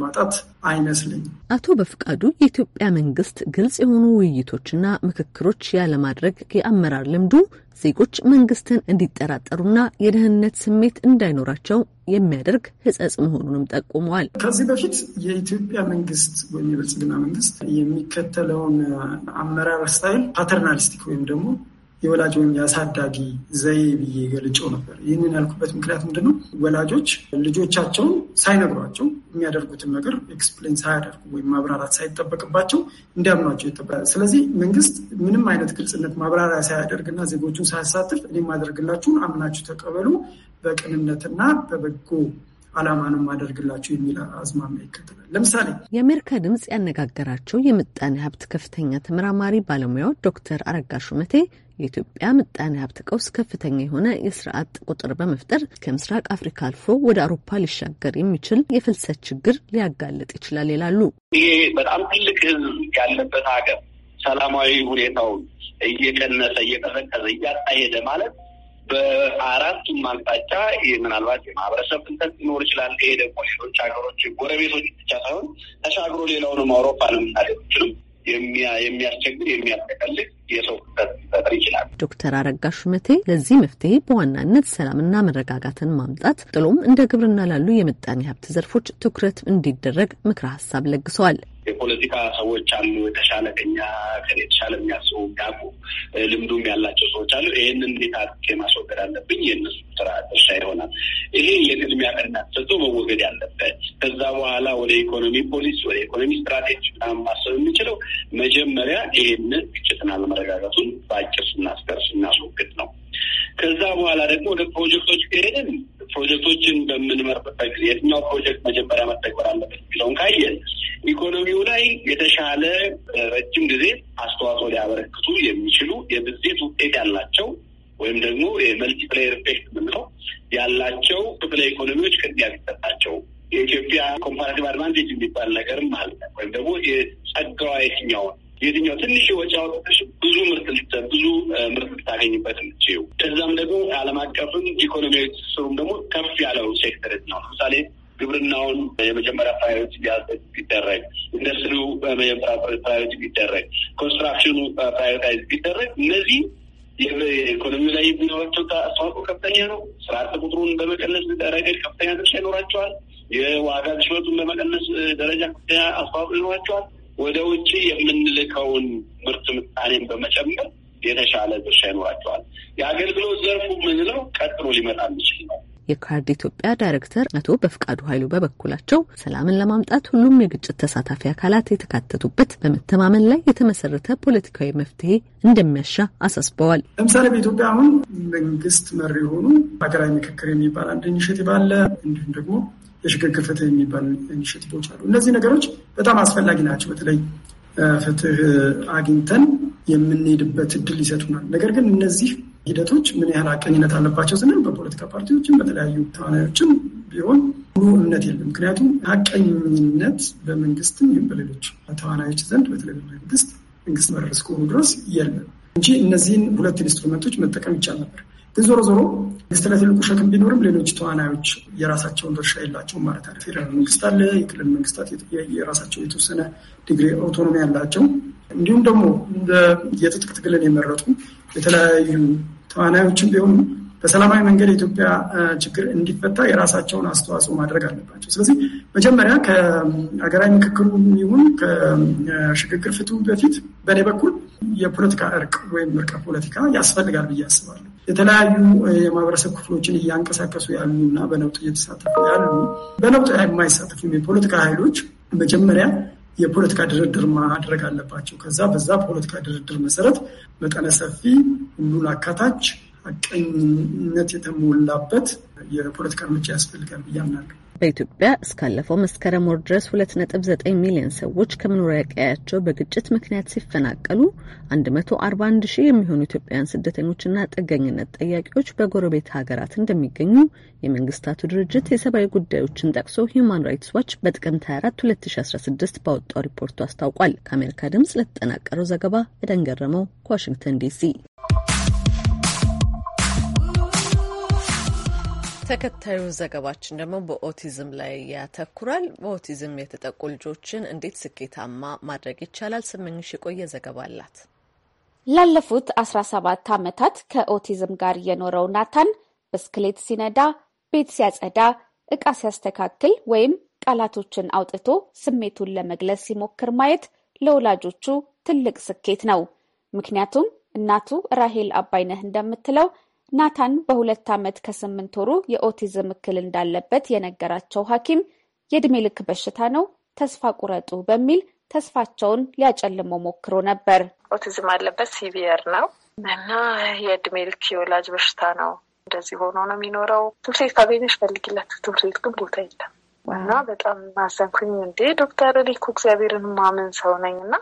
ማጣት አይመስልኝም።
አቶ በፍቃዱ የኢትዮጵያ መንግስት ግልጽ የሆኑ ውይይቶችና ምክክሮች ያለማድረግ የአመራር ልምዱ ዜጎች መንግስትን እንዲጠራጠሩና የደህንነት ስሜት እንዳይኖራቸው የሚያደርግ ህጸጽ መሆኑንም ጠቁመዋል። ከዚህ በፊት
የኢትዮጵያ መንግስት ወይም የብልጽግና መንግስት የሚከተለውን አመራር ስታይል ፓተርናሊስቲክ ወይም ደግሞ የወላጅ ወይም የአሳዳጊ ዘዬ ብዬ ገልጬው ነበር። ይህንን ያልኩበት ምክንያት ምንድነው? ወላጆች ልጆቻቸውን ሳይነግሯቸው የሚያደርጉትን ነገር ኤክስፕሌን ሳያደርጉ ወይም ማብራራት ሳይጠበቅባቸው እንዲያምኗቸው ይጠበቃል። ስለዚህ መንግስት ምንም አይነት ግልጽነት ማብራሪያ ሳያደርግና ዜጎቹን ሳያሳትፍ እኔ ማደርግላችሁን አምናችሁ ተቀበሉ፣ በቅንነትና በበጎ አላማንም ነው የሚል አዝማሚያ ይከተላል። ለምሳሌ
የአሜሪካ ድምፅ ያነጋገራቸው የምጣኔ ሀብት ከፍተኛ ተመራማሪ ባለሙያው ዶክተር አረጋ ሹመቴ የኢትዮጵያ ምጣኔ ሀብት ቀውስ ከፍተኛ የሆነ የስራ አጥ ቁጥር በመፍጠር ከምስራቅ አፍሪካ አልፎ ወደ አውሮፓ ሊሻገር የሚችል የፍልሰት ችግር ሊያጋልጥ ይችላል ይላሉ።
ይሄ በጣም ትልቅ ህዝብ ያለበት ሀገር ሰላማዊ ሁኔታውን እየቀነሰ እየቀዘቀዘ እያጣ ሄደ ማለት በአራቱም አቅጣጫ ምናልባት የማህበረሰብ ፍልሰት ሊኖር ይችላል። ይሄ ደግሞ ሌሎች ሀገሮች ጎረቤቶች ብቻ ሳይሆን ተሻግሮ ሌላውንም አውሮፓንም እና ሌሎችንም
የሚያስቸግር የሚያጠቀልቅ የሰው ሊፈጠር ይችላል። ዶክተር አረጋ ሹመቴ ለዚህ መፍትሄ በዋናነት ሰላምና መረጋጋትን ማምጣት ጥሎም እንደ ግብርና ላሉ የምጣኔ ሀብት ዘርፎች ትኩረት እንዲደረግ ምክረ ሀሳብ ለግሰዋል።
የፖለቲካ ሰዎች አሉ። የተሻለ ከኛ የተሻለ የሚያስቡ ያቁ ልምዱም ያላቸው ሰዎች አሉ። ይህንን እንዴት አድርጌ ማስወገድ አለብኝ? የእነሱ ስራ ድርሻ ይሆናል። ይሄ የቅድሚያ ቀና ተሰጥቶ መወገድ ያለበት። ከዛ በኋላ ወደ ኢኮኖሚ ፖሊሲ፣ ወደ ኢኮኖሚ ስትራቴጂ ምናምን ማሰብ የምንችለው መጀመሪያ ይህንን ግጭትን አለመረጋጋቱን በአጭር ስናስቀር ስናስወግድ ነው። ከዛ በኋላ ደግሞ ወደ ፕሮጀክቶች ከሄድን ፕሮጀክቶችን በምንመርጥበት ጊዜ የትኛው ፕሮጀክት መጀመሪያ መተግበር አለበት የሚለውን ካየን ኢኮኖሚው ላይ የተሻለ ረጅም ጊዜ አስተዋጽኦ ሊያበረክቱ የሚችሉ የብዜት ውጤት ያላቸው ወይም ደግሞ የመልቲፕላየር ኢፌክት የምንለው ያላቸው ክፍለ ኢኮኖሚዎች ቅድሚያ ቢሰጣቸው የኢትዮጵያ ኮምፓራቲቭ አድቫንቴጅ የሚባል ነገርም አለ ወይም ደግሞ የጸጋዋ የትኛውን የትኛው ትንሽ ወጪ አውጥተሽ ብዙ ምርት ብዙ ምርት ልታገኝበት የምትችይው። ከዛም ደግሞ ዓለም አቀፍም ኢኮኖሚያዊ ትስስሩም ደግሞ ከፍ ያለው ሴክተር ነው። ለምሳሌ ግብርናውን የመጀመሪያ ፕራዮሪቲ ቢደረግ፣ ኢንዱስትሪው ፕራዮሪቲ ቢደረግ፣ ኮንስትራክሽኑ ፕራዮሪታይዝ ቢደረግ እነዚህ የኢኮኖሚ ላይ የሚኖራቸው አስተዋጽኦ ከፍተኛ ነው። ስራ አጥ ቁጥሩን በመቀነስ ረገድ ከፍተኛ ድርሻ ይኖራቸዋል። የዋጋ ግሽበቱን በመቀነስ ደረጃ ከፍተኛ አስተዋጽኦ ይኖራቸዋል። ወደ ውጭ የምንልከውን ምርት ምጣኔን በመጨመር የተሻለ ድርሻ ይኖራቸዋል።
የአገልግሎት ዘርፉ ምንለው ቀጥሎ ሊመጣ የሚችል ነው። የካርድ ኢትዮጵያ ዳይሬክተር አቶ በፍቃዱ ኃይሉ በበኩላቸው ሰላምን ለማምጣት ሁሉም የግጭት ተሳታፊ አካላት የተካተቱበት በመተማመን ላይ የተመሰረተ ፖለቲካዊ መፍትሄ እንደሚያሻ አሳስበዋል። ለምሳሌ በኢትዮጵያ
አሁን መንግስት መሪ የሆኑ ሀገራዊ ምክክር የሚባል አንድ ኢኒሽቲቭ አለ። እንዲሁም ደግሞ የሽግግር ፍትህ የሚባሉ ኢኒሽቲቮች አሉ። እነዚህ ነገሮች በጣም አስፈላጊ ናቸው። በተለይ ፍትህ አግኝተን የምንሄድበት እድል ይሰጡናል። ነገር ግን እነዚህ ሂደቶች ምን ያህል አቀኝነት አለባቸው ስንል በፖለቲካ ፓርቲዎችም በተለያዩ ተዋናዮችም ቢሆን ሙሉ እምነት የለም። ምክንያቱም ሀቀኝነት በመንግስትም ይሁን በሌሎች ተዋናዮች ዘንድ በተለይ በመንግስት መንግስት መረስ ከሆኑ ድረስ የለም። እንጂ እነዚህን ሁለት ኢንስትሩመንቶች መጠቀም ይቻል ነበር። ግን ዞሮ ዞሮ መንግስት ላይ ትልቁ ሸክም ቢኖርም ሌሎች ተዋናዮች የራሳቸውን ድርሻ የላቸውም ማለት አለ። ፌደራል መንግስት አለ፣ የክልል መንግስታት የራሳቸው የተወሰነ ዲግሪ አውቶኖሚ ያላቸው እንዲሁም ደግሞ የትጥቅ ትግልን የመረጡ የተለያዩ ተዋናዮችን ቢሆኑ በሰላማዊ መንገድ የኢትዮጵያ ችግር እንዲፈታ የራሳቸውን አስተዋጽኦ ማድረግ አለባቸው። ስለዚህ መጀመሪያ ከሀገራዊ ምክክሩ ይሁን ከሽግግር ፍቱ በፊት በእኔ በኩል የፖለቲካ እርቅ ወይም እርቀ ፖለቲካ ያስፈልጋል ብዬ አስባለሁ። የተለያዩ የማህበረሰብ ክፍሎችን እያንቀሳቀሱ ያሉ እና በነውጥ እየተሳተፉ ያሉ በነውጥ የማይሳተፉ የፖለቲካ ኃይሎች መጀመሪያ የፖለቲካ ድርድር ማድረግ አለባቸው። ከዛ በዛ ፖለቲካ ድርድር መሰረት መጠነ ሰፊ ሁሉን አካታች ሐቀኝነት የተሞላበት የፖለቲካ እርምጃ ያስፈልጋል ብዬ አምናለሁ።
በኢትዮጵያ እስካለፈው መስከረም ወር ድረስ 2.9 ሚሊዮን ሰዎች ከመኖሪያ ቀያቸው በግጭት ምክንያት ሲፈናቀሉ 141 ሺህ የሚሆኑ ኢትዮጵያውያን ስደተኞችና ጥገኝነት ጠያቂዎች በጎረቤት ሀገራት እንደሚገኙ የመንግስታቱ ድርጅት የሰብአዊ ጉዳዮችን ጠቅሶ ሂዩማን ራይትስ ዋች በጥቅምት 24 2016 ባወጣው ሪፖርቱ አስታውቋል። ከአሜሪካ ድምጽ ለተጠናቀረው ዘገባ የደንገረመው ገረመው ከዋሽንግተን ዲሲ ተከታዩ ዘገባችን ደግሞ በኦቲዝም ላይ ያተኩራል። በኦቲዝም የተጠቁ ልጆችን እንዴት ስኬታማ ማድረግ ይቻላል? ስምንሽ የቆየ ዘገባ
አላት። ላለፉት 17 ዓመታት ከኦቲዝም ጋር የኖረው ናታን ብስክሌት ሲነዳ፣ ቤት ሲያጸዳ፣ እቃ ሲያስተካክል ወይም ቃላቶችን አውጥቶ ስሜቱን ለመግለጽ ሲሞክር ማየት ለወላጆቹ ትልቅ ስኬት ነው። ምክንያቱም እናቱ ራሄል አባይነህ እንደምትለው ናታን በሁለት ዓመት ከስምንት ወሩ የኦቲዝም እክል እንዳለበት የነገራቸው ሐኪም የዕድሜ ልክ በሽታ ነው፣ ተስፋ ቁረጡ በሚል ተስፋቸውን ሊያጨልሞ ሞክሮ ነበር።
ኦቲዝም አለበት፣ ሲቪየር ነው እና የዕድሜ ልክ የወላጅ በሽታ ነው። እንደዚህ ሆኖ ነው የሚኖረው። ትምህርት ቤት ካገኘሽ ፈልጊለት፣ ትምህርት ቤት ግን ቦታ የለም እና በጣም አዘንኩኝ። እንዴ ዶክተር፣ እኔ እኮ እግዚአብሔርን ማምን ሰው ነኝ እና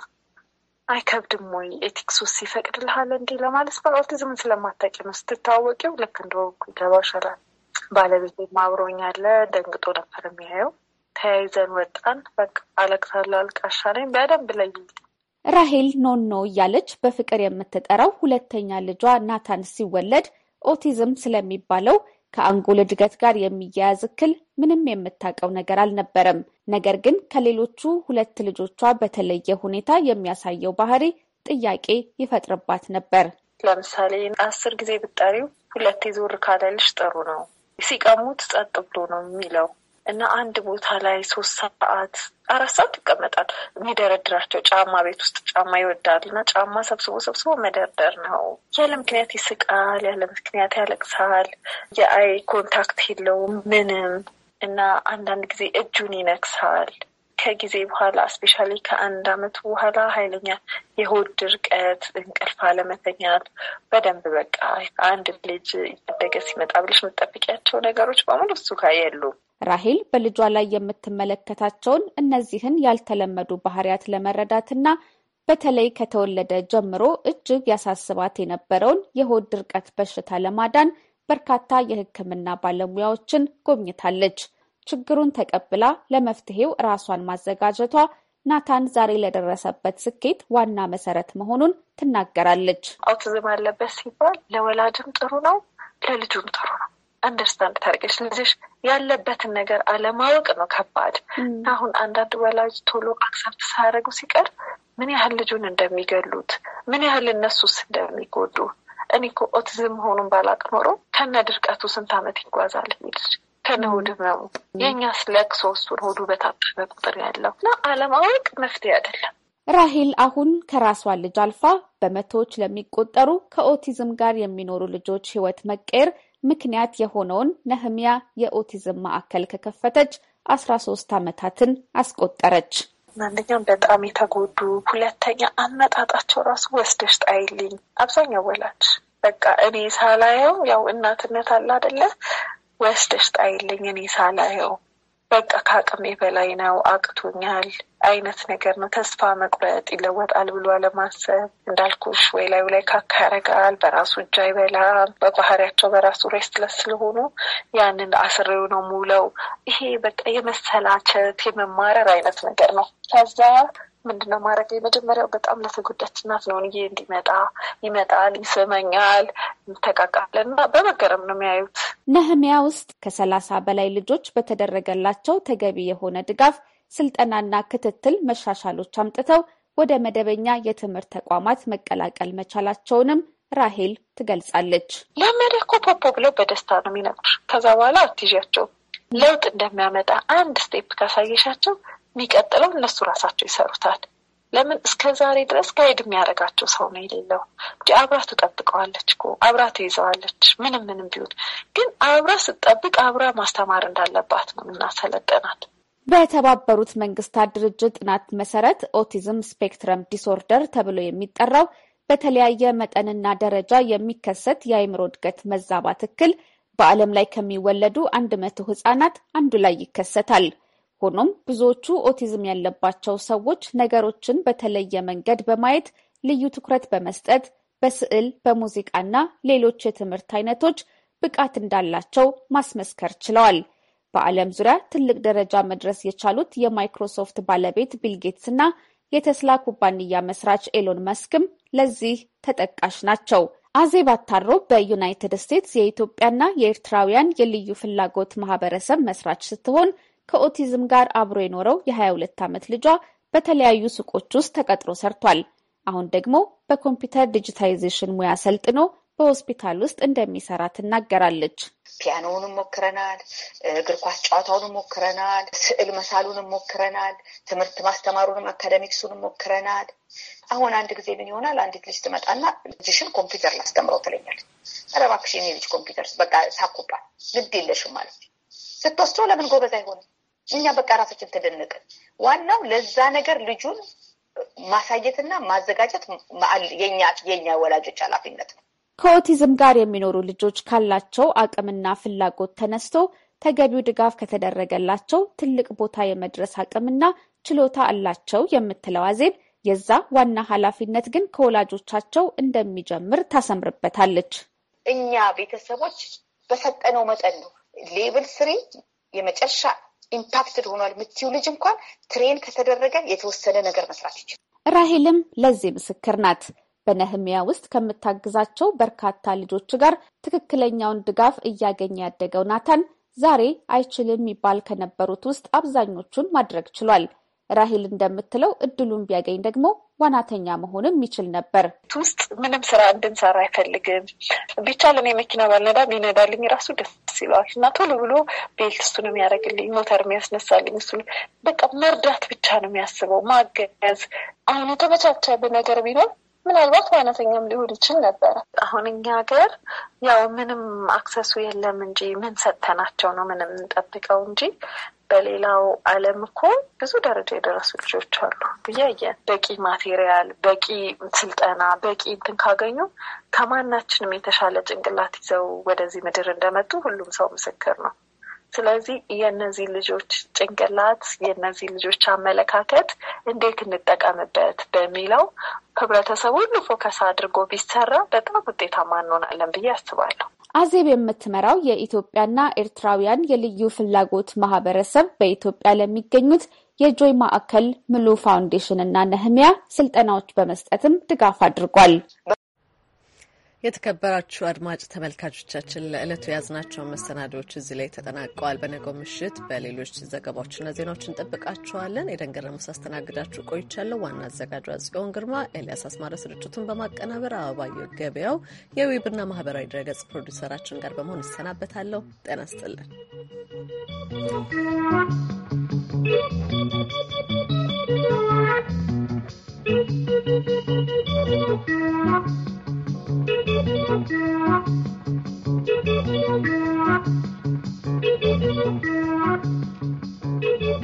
አይከብድም ወይ ኤቲክስ ውስጥ ይፈቅድልሃል እንዲ ለማለት በኦቲዝምን ስለማታውቂ ነው። ስትታወቂው ልክ እንደ ይገባው ይሻላል። ባለቤት አብሮኝ ያለ ደንግጦ ነበር የሚያየው። ተያይዘን ወጣን። በቃ አለቅሳለሁ፣ አልቃሻ ነኝ በደንብ ለይ
ራሄል ኖኖ እያለች በፍቅር የምትጠራው ሁለተኛ ልጇ ናታን ሲወለድ ኦቲዝም ስለሚባለው ከአንጎል እድገት ጋር የሚያያዝ እክል ምንም የምታውቀው ነገር አልነበረም። ነገር ግን ከሌሎቹ ሁለት ልጆቿ በተለየ ሁኔታ የሚያሳየው ባህሪ ጥያቄ ይፈጥርባት ነበር።
ለምሳሌ አስር ጊዜ ብጠሪው ሁለቴ ዞር ካለልሽ ጥሩ ነው፣ ሲቀሙት ጸጥ ብሎ ነው የሚለው እና አንድ ቦታ ላይ ሶስት ሰዓት አራት ሰዓት ይቀመጣል። የሚደረድራቸው ጫማ ቤት ውስጥ ጫማ ይወዳል እና ጫማ ሰብስቦ ሰብስቦ መደርደር ነው። ያለ ምክንያት ይስቃል፣ ያለ ምክንያት ያለቅሳል። የአይ ኮንታክት የለውም ምንም እና አንዳንድ ጊዜ እጁን ይነክሳል። ከጊዜ በኋላ እስፔሻሊ ከአንድ አመት በኋላ ኃይለኛ የሆድ ድርቀት፣ እንቅልፍ አለመተኛት በደንብ በቃ አንድ ልጅ እያደገ ሲመጣ ብለሽ የምጠብቂያቸው ነገሮች በሙሉ እሱ ጋር የሉም።
ራሄል በልጇ ላይ የምትመለከታቸውን እነዚህን ያልተለመዱ ባህሪያት ለመረዳትና በተለይ ከተወለደ ጀምሮ እጅግ ያሳስባት የነበረውን የሆድ ድርቀት በሽታ ለማዳን በርካታ የሕክምና ባለሙያዎችን ጎብኝታለች። ችግሩን ተቀብላ ለመፍትሄው ራሷን ማዘጋጀቷ ናታን ዛሬ ለደረሰበት ስኬት ዋና መሰረት መሆኑን ትናገራለች።
አውቲዝም አለበት ሲባል ለወላጅም ጥሩ ነው፣ ለልጁም ጥሩ ነው። አንደርስታንድ ታርቂች ልጅሽ ያለበትን ነገር አለማወቅ ነው ከባድ። አሁን አንዳንድ ወላጅ ቶሎ አክሰፕት ሳያደርጉ ሲቀር ምን ያህል ልጁን እንደሚገሉት፣ ምን ያህል እነሱስ እንደሚጎዱ። እኔ እኮ ኦቲዝም መሆኑን ባላቅ ኖሮ ከነ ድርቀቱ ስንት ዓመት ይጓዛል ልጅ ከነ ሆድ የእኛ ስለቅ ሶስቱን ሆዱ በታጠበ ቁጥር ያለው እና አለማወቅ መፍትሄ አይደለም።
ራሂል አሁን ከራሷ ልጅ አልፋ በመቶዎች ለሚቆጠሩ ከኦቲዝም ጋር የሚኖሩ ልጆች ህይወት መቀየር ምክንያት የሆነውን ነህሚያ የኦቲዝም ማዕከል ከከፈተች አስራ ሶስት አመታትን አስቆጠረች።
አንደኛም በጣም የተጎዱ ሁለተኛ አመጣጣቸው ራሱ ወስደሽ ጣይልኝ። አብዛኛው ወላጅ በቃ እኔ ሳላየው ያው እናትነት አለ አደለ? ወስደሽ ጣይልኝ እኔ ሳላየው በቃ ከአቅሜ በላይ ነው አቅቶኛል አይነት ነገር ነው። ተስፋ መቁረጥ ይለወጣል ብሎ አለማሰብ እንዳልኩሽ፣ ወይ ላዩ ላይ ካካ ያደርጋል። በራሱ እጅ አይበላም። በባህሪያቸው በራሱ ሬስትለስ ስለሆኑ ያንን አስሬው ነው ሙለው። ይሄ በቃ የመሰላቸት የመማረር አይነት ነገር ነው። ከዛ ምንድነው ማድረግ የመጀመሪያው በጣም ለተጎዳች እናት ነው ይሄ እንዲመጣ ይመጣል፣ ይስመኛል፣ ይተቃቃለን እና በመገረም ነው የሚያዩት።
ነህሚያ ውስጥ ከሰላሳ በላይ ልጆች በተደረገላቸው ተገቢ የሆነ ድጋፍ ስልጠናና ክትትል መሻሻሎች አምጥተው ወደ መደበኛ የትምህርት ተቋማት መቀላቀል መቻላቸውንም ራሄል ትገልጻለች። መመሪያ እኮ ፖፖ ብለው በደስታ ነው የሚነግሩሽ።
ከዛ በኋላ አትይዣቸው ለውጥ እንደሚያመጣ አንድ ስቴፕ ካሳየሻቸው የሚቀጥለው እነሱ ራሳቸው ይሰሩታል። ለምን እስከ ዛሬ ድረስ ጋይድ የሚያደርጋቸው ሰው ነው የሌለው እ አብራ ትጠብቀዋለች እኮ አብራ ትይዘዋለች። ምንም ምንም ቢሆን ግን አብራ ስትጠብቅ አብራ ማስተማር እንዳለባት ነው እናሰለጠናት።
በተባበሩት መንግስታት ድርጅት ጥናት መሰረት ኦቲዝም ስፔክትረም ዲስኦርደር ተብሎ የሚጠራው በተለያየ መጠንና ደረጃ የሚከሰት የአይምሮ እድገት መዛባት እክል በዓለም ላይ ከሚወለዱ አንድ መቶ ህጻናት አንዱ ላይ ይከሰታል። ሆኖም ብዙዎቹ ኦቲዝም ያለባቸው ሰዎች ነገሮችን በተለየ መንገድ በማየት ልዩ ትኩረት በመስጠት በስዕል፣ በሙዚቃና ሌሎች የትምህርት አይነቶች ብቃት እንዳላቸው ማስመስከር ችለዋል። በዓለም ዙሪያ ትልቅ ደረጃ መድረስ የቻሉት የማይክሮሶፍት ባለቤት ቢል ጌትስ እና የተስላ ኩባንያ መስራች ኤሎን መስክም ለዚህ ተጠቃሽ ናቸው። አዜብ አታሮ በዩናይትድ ስቴትስ የኢትዮጵያና የኤርትራውያን የልዩ ፍላጎት ማህበረሰብ መስራች ስትሆን ከኦቲዝም ጋር አብሮ የኖረው የ22 ዓመት ልጇ በተለያዩ ሱቆች ውስጥ ተቀጥሮ ሰርቷል። አሁን ደግሞ በኮምፒውተር ዲጂታይዜሽን ሙያ ሰልጥኖ በሆስፒታል ውስጥ እንደሚሰራ ትናገራለች። ፒያኖውንም ሞክረናል፣ እግር ኳስ ጨዋታውንም ሞክረናል፣ ስዕል መሳሉንም ሞክረናል፣ ትምህርት ማስተማሩንም አካደሚክሱንም ሞክረናል። አሁን አንድ ጊዜ ምን ይሆናል፣ አንዲት ልጅ ትመጣና ልጅሽን ኮምፒውተር ላስተምረው ትለኛል። ኧረ እባክሽ የኔ ልጅ ኮምፒውተር በቃ ሳኩባል ግድ የለሽም ማለት ስትወስደው ለምን ጎበዝ አይሆንም? እኛ በቃ ራሳችን
ተደነቅን። ዋናው ለዛ ነገር ልጁን ማሳየትና ማዘጋጀት የኛ ወላጆች ኃላፊነት ነው።
ከኦቲዝም ጋር የሚኖሩ ልጆች ካላቸው አቅምና ፍላጎት ተነስቶ ተገቢው ድጋፍ ከተደረገላቸው ትልቅ ቦታ የመድረስ አቅምና ችሎታ አላቸው የምትለው አዜብ የዛ ዋና ኃላፊነት ግን ከወላጆቻቸው እንደሚጀምር ታሰምርበታለች።
እኛ ቤተሰቦች
በሰጠነው መጠን ነው። ሌብል ስሪ የመጨረሻ ኢምፓክትድ ሆኗል የምትይው ልጅ እንኳን ትሬን ከተደረገ የተወሰነ ነገር መስራት ይችላል። ራሄልም ለዚህ ምስክር ናት። በነህሚያ ውስጥ ከምታግዛቸው በርካታ ልጆች ጋር ትክክለኛውን ድጋፍ እያገኘ ያደገው ናታን ዛሬ አይችልም የሚባል ከነበሩት ውስጥ አብዛኞቹን ማድረግ ችሏል። ራሂል እንደምትለው እድሉን ቢያገኝ ደግሞ ዋናተኛ መሆንም ይችል ነበር።
ውስጥ ምንም ስራ እንድንሰራ አይፈልግም። ቢቻ እኔ መኪና ባልነዳ ቢነዳልኝ ራሱ ደስ ይለዋል እና ቶሎ ብሎ ቤልት እሱ ነው የሚያደርግልኝ ሞተር የሚያስነሳልኝ እሱ በቃ መርዳት ብቻ ነው የሚያስበው ማገዝ። አሁን የተመቻቸ ነገር ቢኖር ምናልባት በአነተኛም ሊሆን ይችል ነበረ። አሁን እኛ ሀገር ያው ምንም አክሰሱ የለም እንጂ ምን ሰጥተናቸው ነው ምንም እንጠብቀው እንጂ በሌላው ዓለም እኮ ብዙ ደረጃ የደረሱ ልጆች አሉ ብያየ በቂ ማቴሪያል፣ በቂ ስልጠና፣ በቂ እንትን ካገኙ ከማናችንም የተሻለ ጭንቅላት ይዘው ወደዚህ ምድር እንደመጡ ሁሉም ሰው ምስክር ነው። ስለዚህ የእነዚህ ልጆች ጭንቅላት የእነዚህ ልጆች አመለካከት እንዴት እንጠቀምበት በሚለው ህብረተሰቡ ሁሉ ፎከስ አድርጎ ቢሰራ በጣም ውጤታማ እንሆናለን ብዬ አስባለሁ።
አዜብ የምትመራው የኢትዮጵያና ኤርትራውያን የልዩ ፍላጎት ማህበረሰብ በኢትዮጵያ ለሚገኙት የጆይ ማዕከል ምሉ ፋውንዴሽን እና ነህሚያ ስልጠናዎች በመስጠትም ድጋፍ አድርጓል።
የተከበራችሁ አድማጭ ተመልካቾቻችን ለዕለቱ የያዝናቸውን መሰናዶዎች እዚህ ላይ ተጠናቀዋል። በነገው ምሽት በሌሎች ዘገባዎችና ዜናዎች እንጠብቃችኋለን። የደንገረ ምስ አስተናግዳችሁ ቆይቻለሁ። ዋና አዘጋጇ ጽዮን ግርማ፣ ኤልያስ አስማረ ስርጭቱን በማቀናበር አበባየ ገበያው የዌብና ማህበራዊ ድረገጽ ፕሮዲውሰራችን ጋር በመሆን ይሰናበታለሁ። ጤና ይስጥልን።
Thank
you.